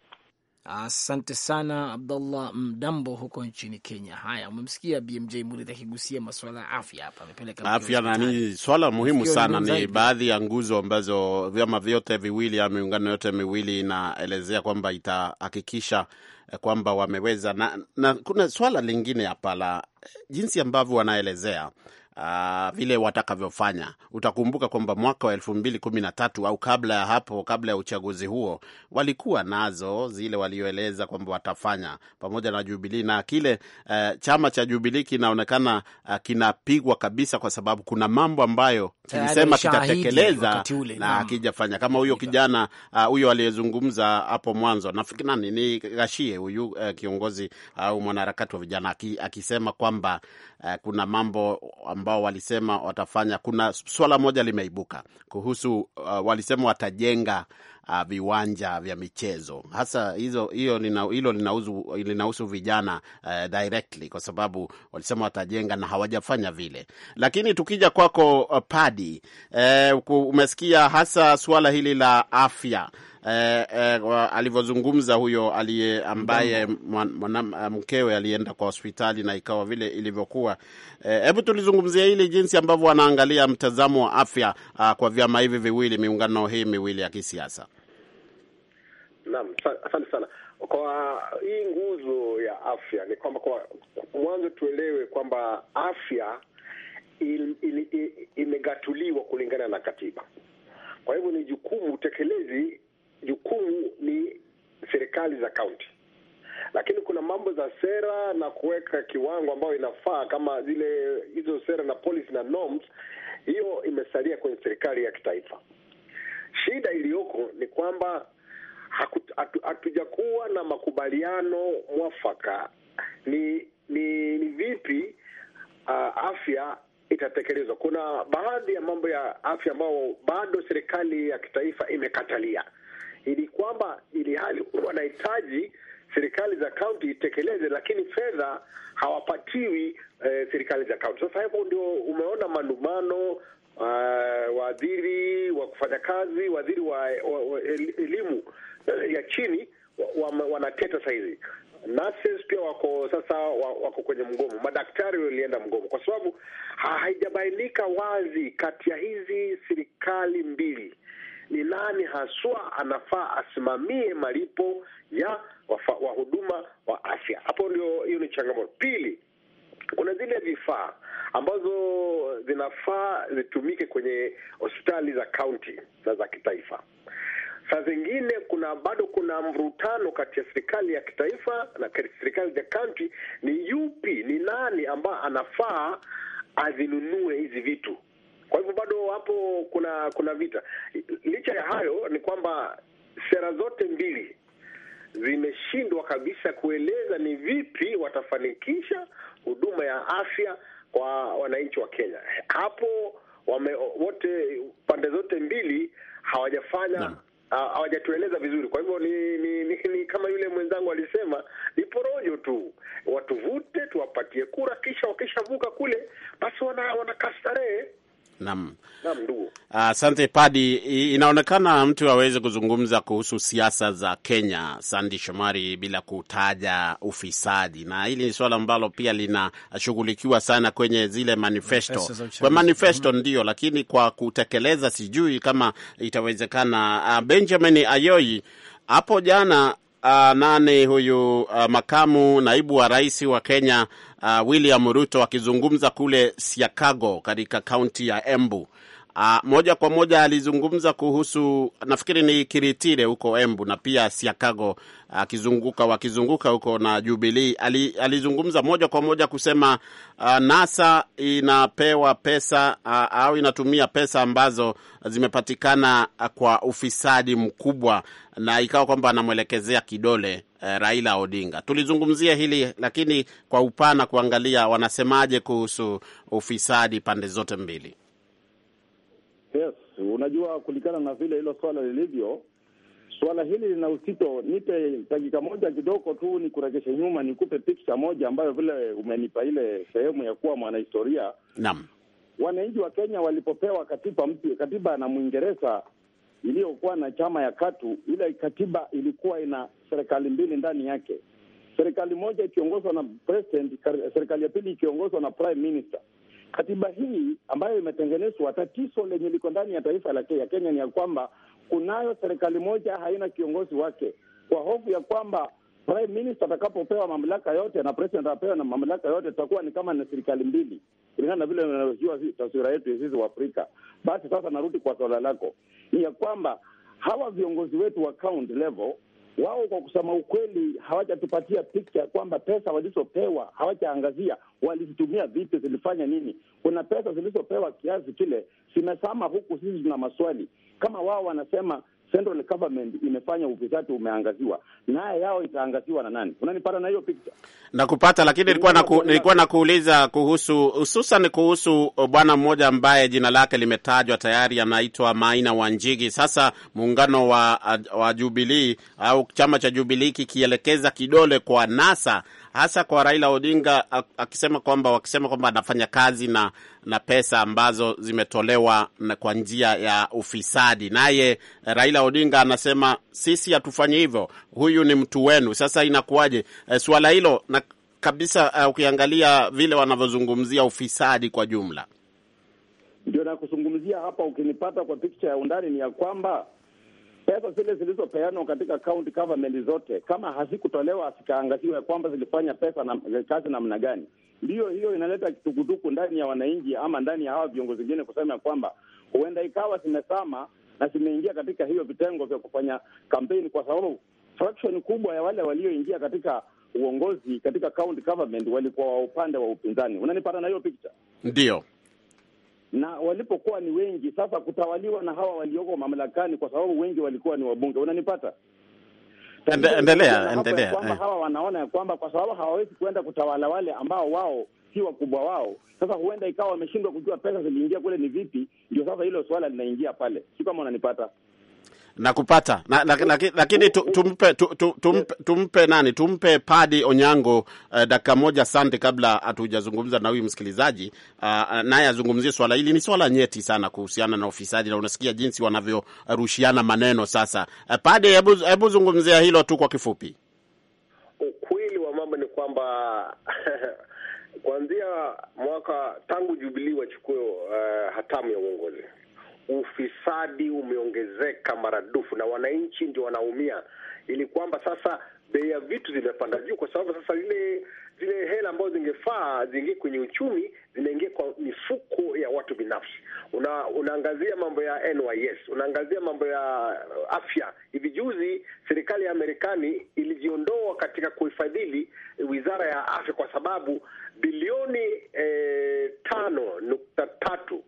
Asante sana Abdullah Mdambo huko nchini Kenya. Haya, umemsikia BMJ Muridhi akigusia masuala ya afya hapa, amepeleka afya na ni swala muhimu Mkio sana. Ni baadhi ya nguzo ambazo vyama vyote viwili au miungano yote miwili inaelezea kwamba itahakikisha eh, kwamba wameweza na, na kuna swala lingine hapa la eh, jinsi ambavyo wanaelezea uh, vile watakavyofanya. Utakumbuka kwamba mwaka wa elfu mbili kumi na tatu au kabla ya hapo, kabla ya uchaguzi huo, walikuwa nazo zile walioeleza kwamba watafanya pamoja na Jubilii na kile uh, chama cha Jubilii kinaonekana uh, kinapigwa kabisa, kwa sababu kuna mambo ambayo kilisema kitatekeleza yaani na akijafanya kama huyo kijana ah, huyo uh, aliyezungumza hapo mwanzo, nafikiri nani ni Gashie huyu uh, kiongozi ah, au uh, mwanaharakati wa vijana akisema kwamba uh, kuna mambo ambao walisema watafanya. Kuna swala moja limeibuka kuhusu uh, walisema watajenga uh, viwanja vya michezo hasa hizo, hiyo hilo linahusu linahusu vijana uh, directly kwa sababu walisema watajenga na hawajafanya vile. Lakini tukija kwako uh, Padi uh, umesikia hasa suala hili la afya. Eh, eh, alivyozungumza huyo aliye ambaye uh, mkewe alienda kwa hospitali na ikawa vile ilivyokuwa. Hebu eh, tulizungumzia hili jinsi ambavyo wanaangalia mtazamo wa afya ah, kwa vyama hivi viwili, miungano hii miwili ya kisiasa. Naam, asante sana kwa hii nguzo ya afya. Ni kwamba kwa mwanzo tuelewe kwamba afya il, il, il, imegatuliwa kulingana na katiba. Kwa hivyo ni jukumu tekelezi, jukumu ni serikali za kaunti, lakini kuna mambo za sera na kuweka kiwango ambayo inafaa kama zile hizo sera na policy na norms, hiyo imesalia kwenye serikali ya kitaifa. Shida iliyoko ni kwamba hatujakuwa na makubaliano mwafaka ni ni, ni vipi uh, afya itatekelezwa. Kuna baadhi ya mambo ya afya ambayo bado serikali ya kitaifa imekatalia, ili kwamba ili hali wanahitaji serikali za kaunti itekeleze, lakini fedha hawapatiwi eh, serikali za kaunti. Sasa hapo ndio umeona manumano uh, waadhiri wa kufanya kazi, waadhiri wa elimu eh, ya chini wanateta wa, wa sahizi nurses pia wako sasa wako kwenye mgomo, madaktari walienda mgomo kwa sababu haijabainika wazi kati ya hizi serikali mbili ni nani haswa anafaa asimamie malipo ya wahuduma wa afya. Hapo ndio, hiyo ni changamoto. Pili, kuna zile vifaa ambazo zinafaa zitumike kwenye hospitali za kaunti na za kitaifa. Saa zingine kuna bado kuna mvurutano kati ya serikali ya kitaifa na serikali za kaunti, ni yupi, ni nani ambaye anafaa azinunue hizi vitu. Kwa hivyo bado hapo kuna kuna vita. Licha ya hayo, ni kwamba sera zote mbili zimeshindwa kabisa kueleza ni vipi watafanikisha huduma ya afya kwa wananchi wa Kenya. Hapo wame, wote pande zote mbili hawajafanya no. Ah, hawajatueleza vizuri. Kwa hivyo ni, ni, ni, ni kama yule mwenzangu alisema ni porojo tu, watuvute tuwapatie kura, kisha wakishavuka kule basi wana, wana kastarehe Naam, naam ndugu. Asante uh, Padi. Inaonekana mtu aweze kuzungumza kuhusu siasa za Kenya, Sandi Shomari, bila kutaja ufisadi, na hili ni suala ambalo pia linashughulikiwa sana kwenye zile manifesto. Kwa manifesto mhm. ndio, lakini kwa kutekeleza sijui kama itawezekana. Ah, Benjamin Ayoi hapo jana uh, nani huyu uh, makamu naibu wa rais wa Kenya uh, William Ruto akizungumza kule Siakago katika kaunti ya Embu Uh, moja kwa moja alizungumza kuhusu nafikiri ni kiritire huko Embu na pia Siakago akizunguka uh, wakizunguka huko na jubilii ali, alizungumza moja kwa moja kusema uh, NASA inapewa pesa uh, au inatumia pesa ambazo zimepatikana kwa ufisadi mkubwa, na ikawa kwamba anamwelekezea kidole uh, Raila Odinga. Tulizungumzia hili lakini kwa upana kuangalia wanasemaje kuhusu ufisadi pande zote mbili. Yes, unajua kulingana na vile hilo swala lilivyo, swala hili lina uzito. Nipe dakika moja kidogo tu ni kurekesha nyuma, nikupe picha moja ambayo vile umenipa ile sehemu ya kuwa mwanahistoria. Naam, wananchi wa Kenya walipopewa katiba mpya, katiba na Mwingereza iliyokuwa na chama ya KATU, ile katiba ilikuwa ina serikali mbili ndani yake, serikali moja ikiongozwa na president, serikali ya pili ikiongozwa na prime minister. Katiba hii ambayo imetengenezwa, tatizo lenye liko ndani ya taifa la ya Kenya ni ya kwamba kunayo serikali moja haina kiongozi wake, kwa hofu ya kwamba prime minister atakapopewa mamlaka yote na president atapewa na mamlaka yote, tutakuwa ni kama na serikali mbili, kulingana na vile unavyojua taswira yetu sisi wa Afrika. Basi sasa narudi kwa swala lako, ni ya kwamba hawa viongozi wetu wa county level wao kwa kusema ukweli hawajatupatia picha kwamba pesa walizopewa hawajaangazia walizitumia vipi, zilifanya nini. Kuna pesa zilizopewa kiasi kile zimesama huku, sisi tuna maswali. Kama wao wanasema central government imefanya ufisadi umeangaziwa, naye yao itaangaziwa na nani? Unanipata na hiyo picture na kupata, lakini nilikuwa na nilikuwa kuuliza kuhusu hususan kuhusu uh, bwana mmoja ambaye jina lake limetajwa tayari, anaitwa Maina Wanjigi. Sasa muungano wa, uh, wa Jubilee au chama cha Jubilee kikielekeza kidole kwa NASA hasa kwa Raila Odinga akisema kwamba wakisema kwamba anafanya kazi na, na pesa ambazo zimetolewa kwa njia ya ufisadi. Naye Raila Odinga anasema sisi hatufanyi hivyo, huyu ni mtu wenu. Sasa inakuwaje e, suala hilo na kabisa uh, ukiangalia vile wanavyozungumzia ufisadi kwa jumla, ndio nakuzungumzia hapa. Ukinipata kwa picha ya undani, ni ya kwamba pesa zile zilizopeanwa katika county government zote, kama hazikutolewa zikaangaziwa kwamba zilifanya pesa na kazi namna gani, ndiyo hiyo inaleta kitukutuku ndani ya wananchi ama ndani ya hawa viongozi wengine kusema kwamba huenda ikawa zimesama na zimeingia katika hiyo vitengo vya kufanya kampeni, kwa sababu fraction kubwa ya wale walioingia katika uongozi katika county government walikuwa wa upande wa upinzani. Unanipata na hiyo picha? ndio na walipokuwa ni wengi, sasa kutawaliwa na hawa walioko mamlakani, kwa sababu wengi walikuwa ni wabunge. Unanipata? Endelea, endelea. Kwamba eh. hawa wanaona ya kwamba kwa sababu hawawezi kuenda kutawala wale ambao wao si wakubwa wao, sasa huenda ikawa wameshindwa kujua pesa ziliingia kule ni vipi, ndio sasa hilo swala linaingia pale, si kama unanipata? nakupata na, na, na, lakini tumpe tu, tu, tumpe, tumpe nani tumpe Padi Onyango uh, dakika moja. sante kabla hatujazungumza na huyu msikilizaji uh, naye azungumzie swala hili. Ni swala nyeti sana kuhusiana na ufisadi, na unasikia jinsi wanavyorushiana maneno sasa. Uh, eh, Padi, hebu hebu zungumzia hilo tu kwa kifupi. Ukweli wa mambo ni kwamba kuanzia mwaka tangu Jubilii wachukue uh, hatamu ya uongozi ufisadi umeongezeka maradufu na wananchi ndio wanaumia, ili kwamba sasa bei ya vitu zimepanda juu, kwa sababu sasa zile zile hela ambazo zingefaa ziingie kwenye uchumi zinaingia kwa mifuko ya watu binafsi. Una, unaangazia mambo ya NYS, unaangazia mambo ya afya. Hivi juzi serikali ya Marekani ilijiondoa katika kuifadhili wizara ya afya kwa sababu bilioni eh, tano nukta tatu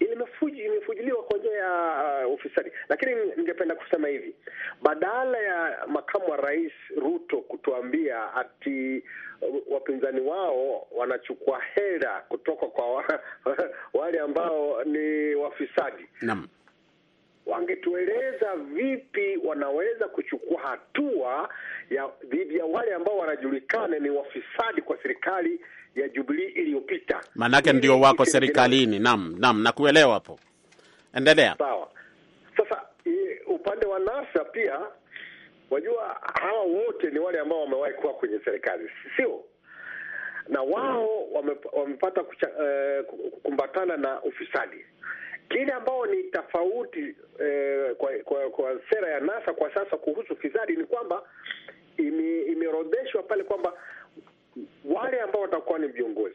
imefujiliwa kwa njia ya uh, ufisadi. Lakini ningependa kusema hivi, badala ya makamu wa rais Ruto kutuambia ati uh, wapinzani wao wanachukua hela kutoka kwa wa, wale ambao ni wafisadi Nam. Wangetueleza vipi wanaweza kuchukua hatua ya dhidi ya wale ambao wanajulikana ni wafisadi kwa serikali ya Jubilee iliyopita, maanake ndio wako serikalini. Naam, naam, nakuelewa hapo, endelea. Sawa. Sasa upande wa NASA pia, wajua hawa wote ni wale ambao wamewahi kuwa kwenye serikali, sio? Na wao wame, wamepata kucha, eh, kukumbatana na ufisadi. Kile ambao ni tofauti eh, kwa, kwa, kwa sera ya NASA kwa sasa kuhusu ufisadi ni kwamba imeorodheshwa pale kwamba watakuwa ni viongozi,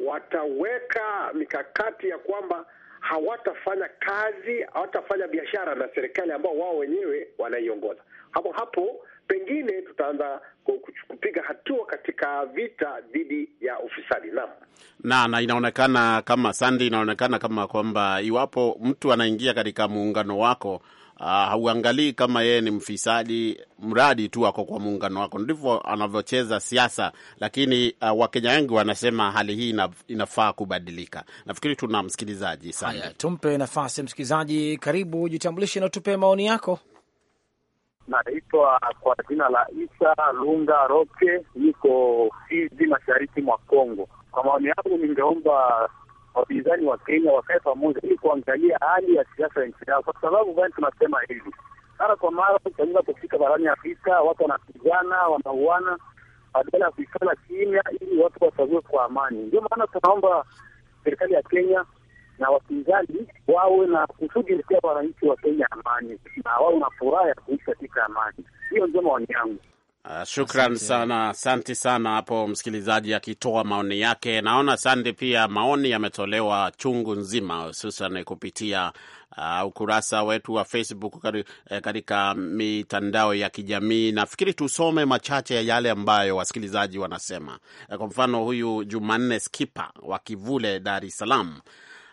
wataweka mikakati ya kwamba hawatafanya kazi, hawatafanya biashara na serikali ambao wao wenyewe wanaiongoza. Hapo hapo pengine tutaanza kupiga hatua katika vita dhidi ya ufisadi. Naam, na, na inaonekana kama sandi, inaonekana kama kwamba iwapo mtu anaingia katika muungano wako Ah, hauangalii kama yeye ni mfisadi, mradi tu ako kwa muungano wako. Ndivyo anavyocheza siasa, lakini uh, Wakenya wengi wanasema hali hii ina, inafaa kubadilika. Nafikiri tuna msikilizaji sana, tumpe nafasi msikilizaji. Karibu, jitambulishe na tupe maoni yako. Naitwa kwa jina la Isa Lunga Roke, niko Fizi, mashariki mwa Kongo. Kwa maoni yangu, ningeomba wapinzani wa Kenya wakae pamoja ili kuangalia hali ya siasa ya nchi yao, kwa sababu gani tunasema hivi? Mara kwa mara utaweza kufika barani Afrika, watu wanapigana, wanauana badala ya kuikala kimya ili watu wachague kwa amani. Ndio maana tunaomba serikali ya Kenya na wapinzani wawe na kusudi likia wananchi wa Kenya amani na wawe na furaha ya kuishi katika amani. Hiyo ndio maoni yangu. Uh, shukran asante sana, asante sana hapo msikilizaji akitoa ya maoni yake. Naona sande, pia maoni yametolewa chungu nzima, hususan kupitia uh, ukurasa wetu wa Facebook eh, katika mitandao ya kijamii. Nafikiri tusome machache ya yale ambayo wasikilizaji wanasema. Eh, kwa mfano huyu Jumanne Skipa wa Kivule, Dar es Salaam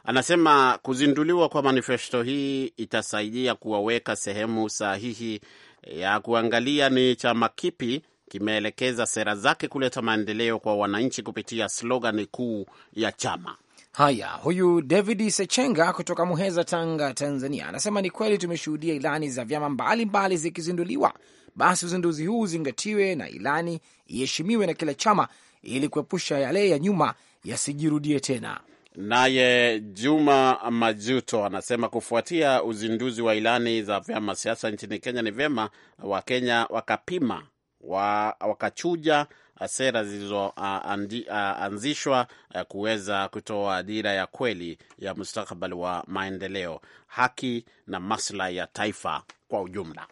anasema kuzinduliwa kwa manifesto hii itasaidia kuwaweka sehemu sahihi ya kuangalia ni chama kipi kimeelekeza sera zake kuleta maendeleo kwa wananchi kupitia slogani kuu ya chama. Haya, huyu David Sechenga kutoka Muheza, Tanga, Tanzania, anasema ni kweli tumeshuhudia ilani za vyama mbalimbali zikizinduliwa. Basi uzinduzi huu uzingatiwe na ilani iheshimiwe na kila chama, ili kuepusha yale ya nyuma yasijirudie tena. Naye Juma Majuto anasema kufuatia uzinduzi wa ilani za vyama siasa nchini Kenya, ni vyema Wakenya wakapima wa, wakachuja sera zilizoanzishwa kuweza kutoa dira ya kweli ya mustakabali wa maendeleo, haki na maslahi ya taifa kwa ujumla.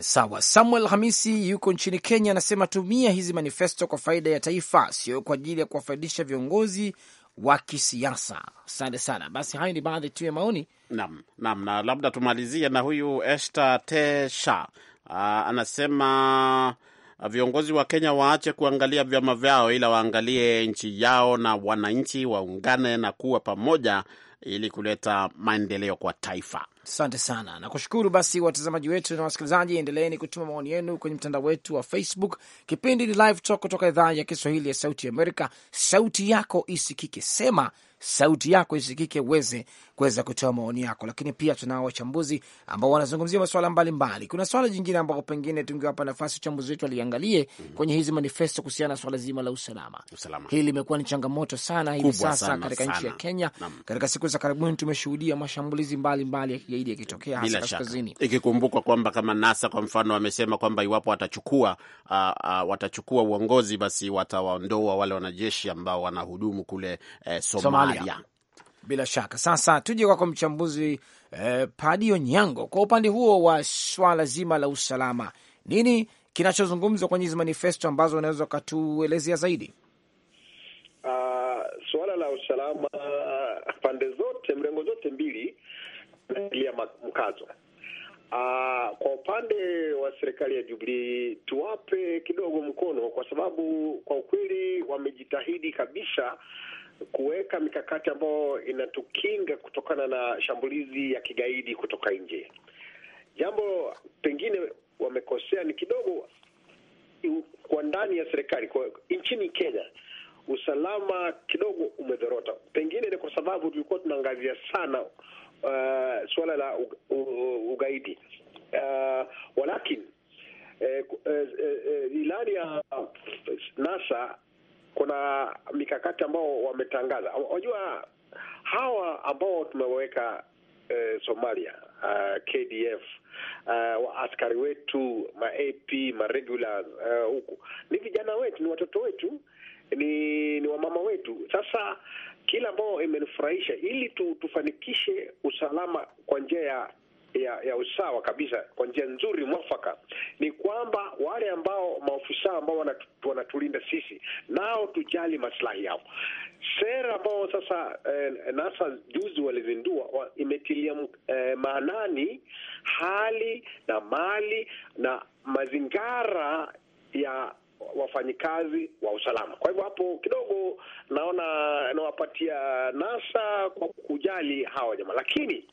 Sawa. Samuel Hamisi yuko nchini Kenya, anasema tumia hizi manifesto kwa faida ya taifa, sio kwa ajili ya kuwafaidisha viongozi wa kisiasa. Asante sana. Basi hayo ni baadhi tu ya maoni. Naam, naam, na labda tumalizie na huyu Esther Tesha. Uh, anasema ah, viongozi wa Kenya waache kuangalia vyama vyao, ila waangalie nchi yao na wananchi, waungane na kuwa pamoja ili kuleta maendeleo kwa taifa. Asante sana, nakushukuru. Basi watazamaji wetu na wasikilizaji, endeleeni kutuma maoni yenu kwenye mtandao wetu wa Facebook. Kipindi ni Live Talk kutoka idhaa ya Kiswahili ya Sauti ya Amerika. Sauti yako isikike, sema sauti yako isikike, uweze kuweza kutoa maoni yako, lakini pia tunao wachambuzi ambao wanazungumzia masuala mbalimbali. Kuna swala jingine ambao pengine tungewapa nafasi wachambuzi wetu waliangalie mm -hmm. kwenye hizi manifesto kuhusiana na swala zima la usalama. Usalama limekuwa ni changamoto sana hivi sasa katika nchi ya Kenya. Katika siku za karibuni tumeshuhudia mashambulizi mbalimbali ya kigaidi yakitokea hasa kaskazini, ikikumbukwa kwamba kama NASA kwa mfano wamesema kwamba iwapo watachukua uh, uh, watachukua uongozi basi watawaondoa wale wanajeshi ambao wanahudumu kule eh, Somalia, Somalia. Bila shaka sasa tuje kwako mchambuzi eh, Padio Nyango, kwa upande huo wa swala zima la usalama, nini kinachozungumzwa kwenye hizi manifesto ambazo unaweza ukatuelezea zaidi? Uh, ah, suala la usalama pande zote, mrengo zote mbili ilia mkazo. Uh, kwa upande wa serikali ya Jubilee tuwape kidogo mkono, kwa sababu kwa ukweli wamejitahidi kabisa kuweka mikakati ambayo inatukinga kutokana na shambulizi ya kigaidi kutoka nje. Jambo pengine wamekosea ni kidogo kwa ndani ya serikali. Kwa nchini Kenya usalama kidogo umedhorota, pengine ni kwa sababu tulikuwa tunaangazia sana uh, suala la ugaidi uh, walakini uh, eh, uh, eh, uh, eh, ilani ya NASA kuna mikakati ambao wametangaza. wajua hawa ambao tumeweka eh, Somalia uh, ah, KDF uh, ah, askari wetu maap maregulars uh, eh, huku ni vijana wetu, ni watoto wetu, ni ni wamama wetu. Sasa kila ambao imenifurahisha ili tu, tufanikishe usalama kwa njia ya ya, ya usawa kabisa kwa njia nzuri mwafaka ni kwamba wale ambao maofisa ambao wanatulinda sisi nao tujali maslahi yao. Sera ambao sasa eh, NASA juzi walizindua wa, imetilia eh, maanani hali na mali na mazingara ya wafanyikazi wa usalama. Kwa hivyo hapo kidogo naona nawapatia NASA kwa kujali hawa jamaa, lakini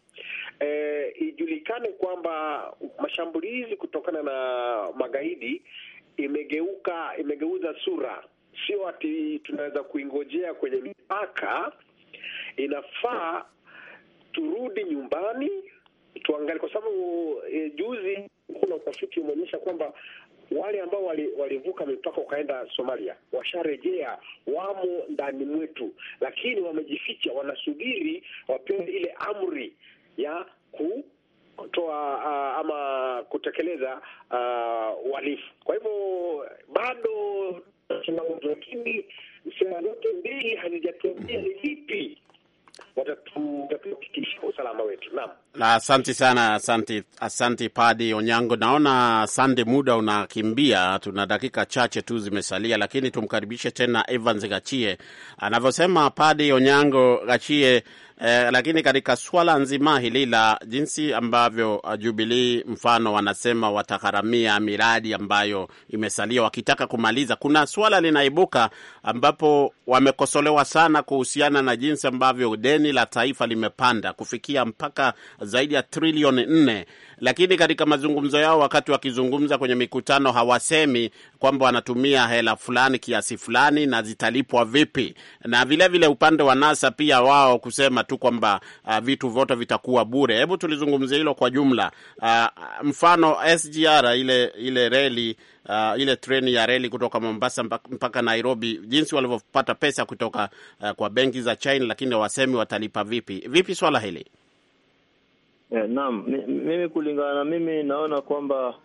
eh, ijulikane kwamba mashambulizi kutokana na magaidi imegeuka imegeuza sura, sio ati tunaweza kuingojea kwenye mipaka. Inafaa turudi nyumbani tuangalie, kwa sababu eh, juzi kuna utafiti umeonyesha kwamba wale ambao walivuka wali mipaka wakaenda Somalia washarejea, wamo ndani mwetu, lakini wamejificha, wanasubiri wapewe ile amri ya ku toa uh, ah, ama kutekeleza uh, uhalifu. Kwa hivyo bado tunauzo, lakini sera zote mbili hazijatuambia ni lipi watatuhakikisha usalama wetu. asante sana, asante asante Padi Onyango. Naona Sande, muda unakimbia, tuna dakika chache tu zimesalia, lakini tumkaribishe tena Evans Gachie anavyosema Padi Onyango Gachie eh, lakini katika swala nzima hili la jinsi ambavyo uh, Jubilii mfano wanasema watagharamia miradi ambayo imesalia wakitaka kumaliza, kuna swala linaibuka ambapo wamekosolewa sana kuhusiana na jinsi ambavyo deni la taifa limepanda kufikia mpaka zaidi ya trilioni nne lakini katika mazungumzo yao, wakati wakizungumza kwenye mikutano, hawasemi kwamba wanatumia hela fulani kiasi fulani na zitalipwa vipi, na vilevile vile upande wa NASA pia wao kusema tu kwamba uh, vitu vyote vitakuwa bure. Hebu tulizungumzia hilo kwa jumla. Uh, mfano SGR ile ile reli Uh, ile treni ya reli kutoka Mombasa mpaka Nairobi, jinsi walivyopata pesa kutoka uh, kwa benki za China, lakini wasemi watalipa vipi vipi swala hili. Eh, naam, mimi kulingana na mimi naona kwamba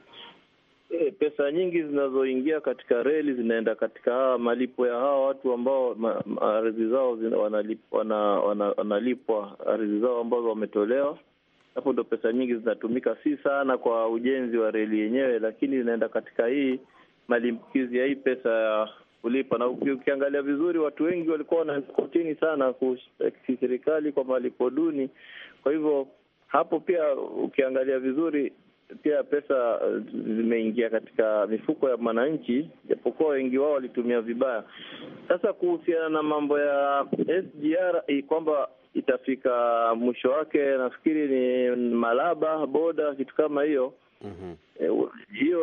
eh, pesa nyingi zinazoingia katika reli zinaenda katika haa malipo ya hawa watu ambao ardhi zao wanalipwa, wana, wana ardhi zao ambazo wametolewa hapo ndo pesa nyingi zinatumika, si sana kwa ujenzi wa reli yenyewe, lakini zinaenda katika hii malimbikizi ya hii pesa ya kulipa. Na ukiangalia vizuri, watu wengi walikuwa wanaenda kotini sana kwa eh, serikali kwa malipo duni. Kwa hivyo hapo pia ukiangalia vizuri, pia pesa uh, zimeingia katika mifuko ya mwananchi japokuwa wengi wao walitumia vibaya. Sasa kuhusiana na mambo ya SGR kwamba itafika mwisho wake, nafikiri ni Malaba boda, kitu kama hiyo mhm. e, hiyo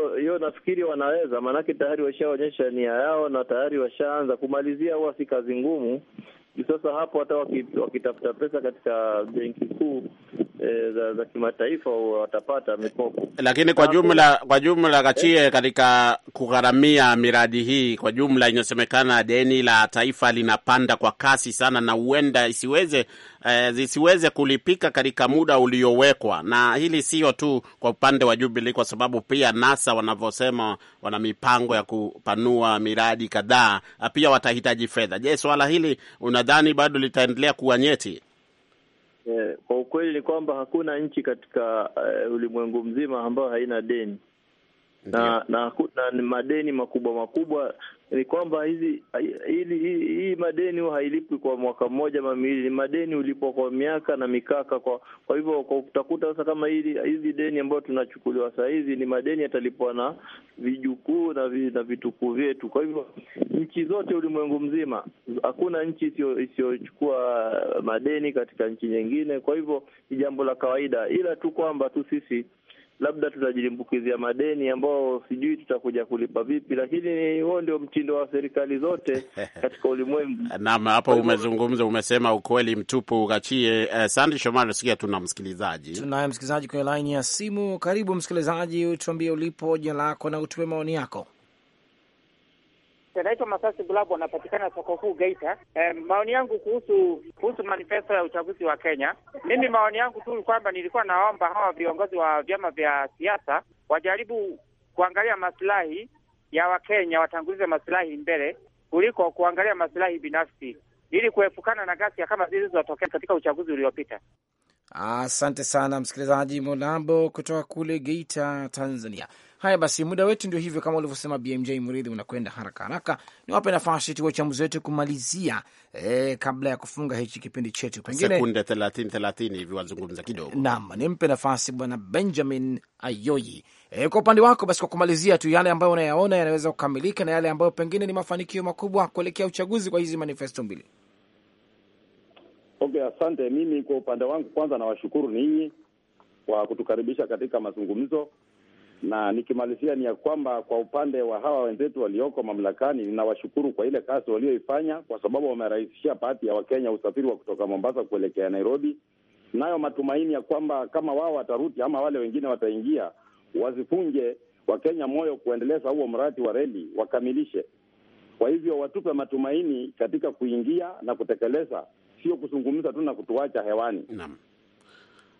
mm-hmm. Hiyo nafikiri wanaweza, maanake tayari washaonyesha nia yao na tayari washaanza kumalizia. Huwa si kazi ngumu, hivi sasa hapo hata wakitafuta pesa katika benki kuu e, za, za kimataifa watapata mikopo. Lakini kwa jumla kwa jumla kachie eh, katika kugharamia miradi hii kwa jumla, inasemekana deni la taifa linapanda kwa kasi sana, na huenda isiweze eh, zisiweze kulipika katika muda uliowekwa. Na hili sio tu kwa upande wa Jubilee, kwa sababu pia NASA wanavyosema wana mipango ya kupanua miradi kadhaa, pia watahitaji fedha. Je, swala hili unadhani bado litaendelea kuwa nyeti? Eh, kwa ukweli ni kwamba hakuna nchi katika uh, ulimwengu mzima ambayo haina deni na, na, na, na madeni makubwa makubwa ni kwamba hizi hii madeni huwa hailipwi kwa mwaka mmoja ama miwili, ni madeni ulipo kwa miaka na mikaka. Kwa kwa hivyo utakuta sasa kama hili hizi deni ambayo tunachukuliwa saa hizi ni madeni yatalipwa na vijukuu na, na vitukuu vyetu. Kwa hivyo nchi zote ulimwengu mzima, hakuna nchi isiyochukua madeni katika nchi nyingine. Kwa hivyo ni jambo la kawaida, ila tu kwamba tu sisi labda tutajilimbukizia madeni ambao sijui tutakuja kulipa vipi, lakini huo ndio mtindo wa serikali zote katika ulimwengu. Naam, hapo umezungumza, umesema ukweli mtupu ukachie. Uh, eh, Sandi Shomari, nasikia tuna msikilizaji, tunaye msikilizaji kwenye laini ya simu. Karibu msikilizaji, utuambie ulipo, jina lako na utupe maoni yako naitwa Masasi Glab, anapatikana soko kuu Geita. E, maoni yangu kuhusu kuhusu manifesto ya uchaguzi wa Kenya, mimi maoni yangu tu kwamba nilikuwa naomba hawa viongozi wa vyama vya siasa wajaribu kuangalia masilahi ya Wakenya, watangulize masilahi mbele kuliko kuangalia masilahi binafsi ili kuepukana na ghasia kama zilizotokea katika uchaguzi uliopita. Asante sana msikilizaji Mulambo kutoka kule Geita, Tanzania. Haya basi, muda wetu ndio hivyo, kama ulivyosema BMJ Mridhi, unakwenda haraka haraka. Niwape nafasi tu wachambuzi wetu kumalizia eh, kabla ya kufunga hichi kipindi chetu, pengine sekunde 30 30 hivi wazungumza kidogo. Naam, nimpe nafasi bwana Benjamin Ayoyi. E, kwa upande wako basi, kwa kumalizia tu yale ambayo unayaona yanaweza kukamilika na yale ambayo pengine ni mafanikio makubwa kuelekea uchaguzi kwa hizi manifesto mbili. Okay, asante. Mimi kwa upande wangu, kwanza nawashukuru ninyi kwa kutukaribisha katika mazungumzo na nikimalizia ni ya kwamba kwa upande wa hawa wenzetu walioko mamlakani, ninawashukuru kwa ile kazi walioifanya, kwa sababu wamerahisishia baadhi ya Wakenya usafiri wa kutoka Mombasa kuelekea Nairobi. Nayo matumaini ya kwamba kama wao watarudi ama wale wengine wataingia, wazifunge Wakenya moyo kuendeleza huo mradi wa reli, wakamilishe. Kwa hivyo watupe matumaini katika kuingia na kutekeleza, sio kuzungumza tu na kutuacha hewani. Naam,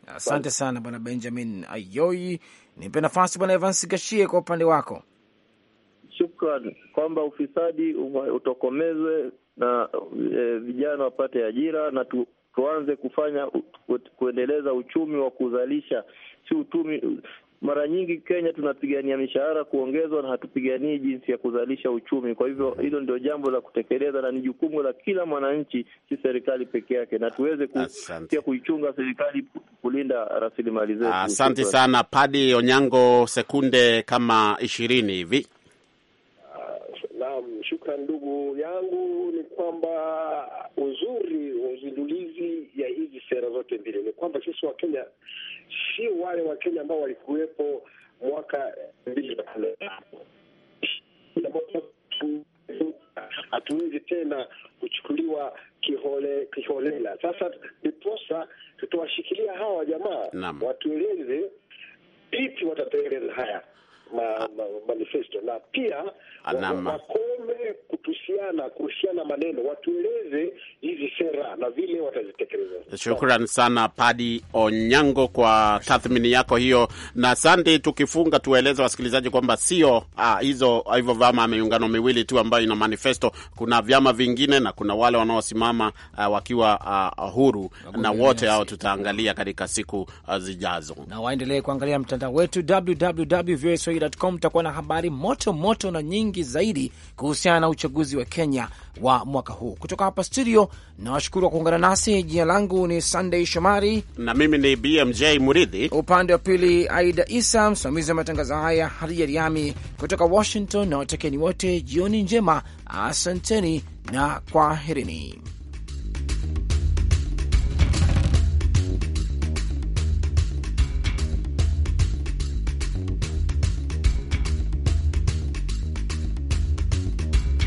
asante sana Bwana Benjamin Ayoi. Nipe nafasi Bwana Evans Gashie, kwa upande wako. Shukran kwamba ufisadi utokomezwe na e, vijana wapate ajira na tu, tuanze kufanya u, u, kuendeleza uchumi wa kuzalisha, si uchumi mara nyingi Kenya tunapigania mishahara kuongezwa na hatupiganii jinsi ya kuzalisha uchumi. Kwa hivyo hilo ndio jambo la kutekeleza na ni jukumu la kila mwananchi, si serikali peke yake, na tuweze pia kuichunga serikali kulinda rasilimali zetu. Asante sana Padi Onyango, sekunde kama ishirini hivi. Naam, shukran ndugu yangu. Ni kwamba uzuri wa uzindulizi ya hizi sera zote mbili ni kwamba sisi Wakenya si wale Wakenya ambao walikuwepo mwaka mbili hatuwezi tena kuchukuliwa kihole kiholela. Sasa niposa tutawashikilia hawa jamaa watueleze vipi watatekeleza haya ma, ma, manifesto na pia wakome kutusiana kuhusiana maneno, watueleze hizi sera na vile watazitekeleza. Shukran sana Padi Onyango kwa tathmini yako hiyo. Na Sandi, tukifunga tueleze wasikilizaji kwamba sio ah, hizo hivyo vyama miungano miwili tu ambayo ina manifesto. Kuna vyama vingine na kuna wale wanaosimama ah, wakiwa ah, huru Wabundi, na wote hao tutaangalia katika siku ah, zijazo, na waendelee kuangalia mtandao wetu www voaswahili.com. Tutakuwa na habari moto moto na nyingi zaidi kuhusiana na uchaguzi wa Kenya wa mwaka huu. Kutoka hapa studio, nawashukuru wa kuungana nasi. Jina langu ni Sunday Shomari na mimi ni BMJ Muridhi, upande wa pili Aida Isa, msimamizi wa matangazo haya Hadija Riami kutoka Washington, na watekeni wote jioni njema, asanteni na kwaherini.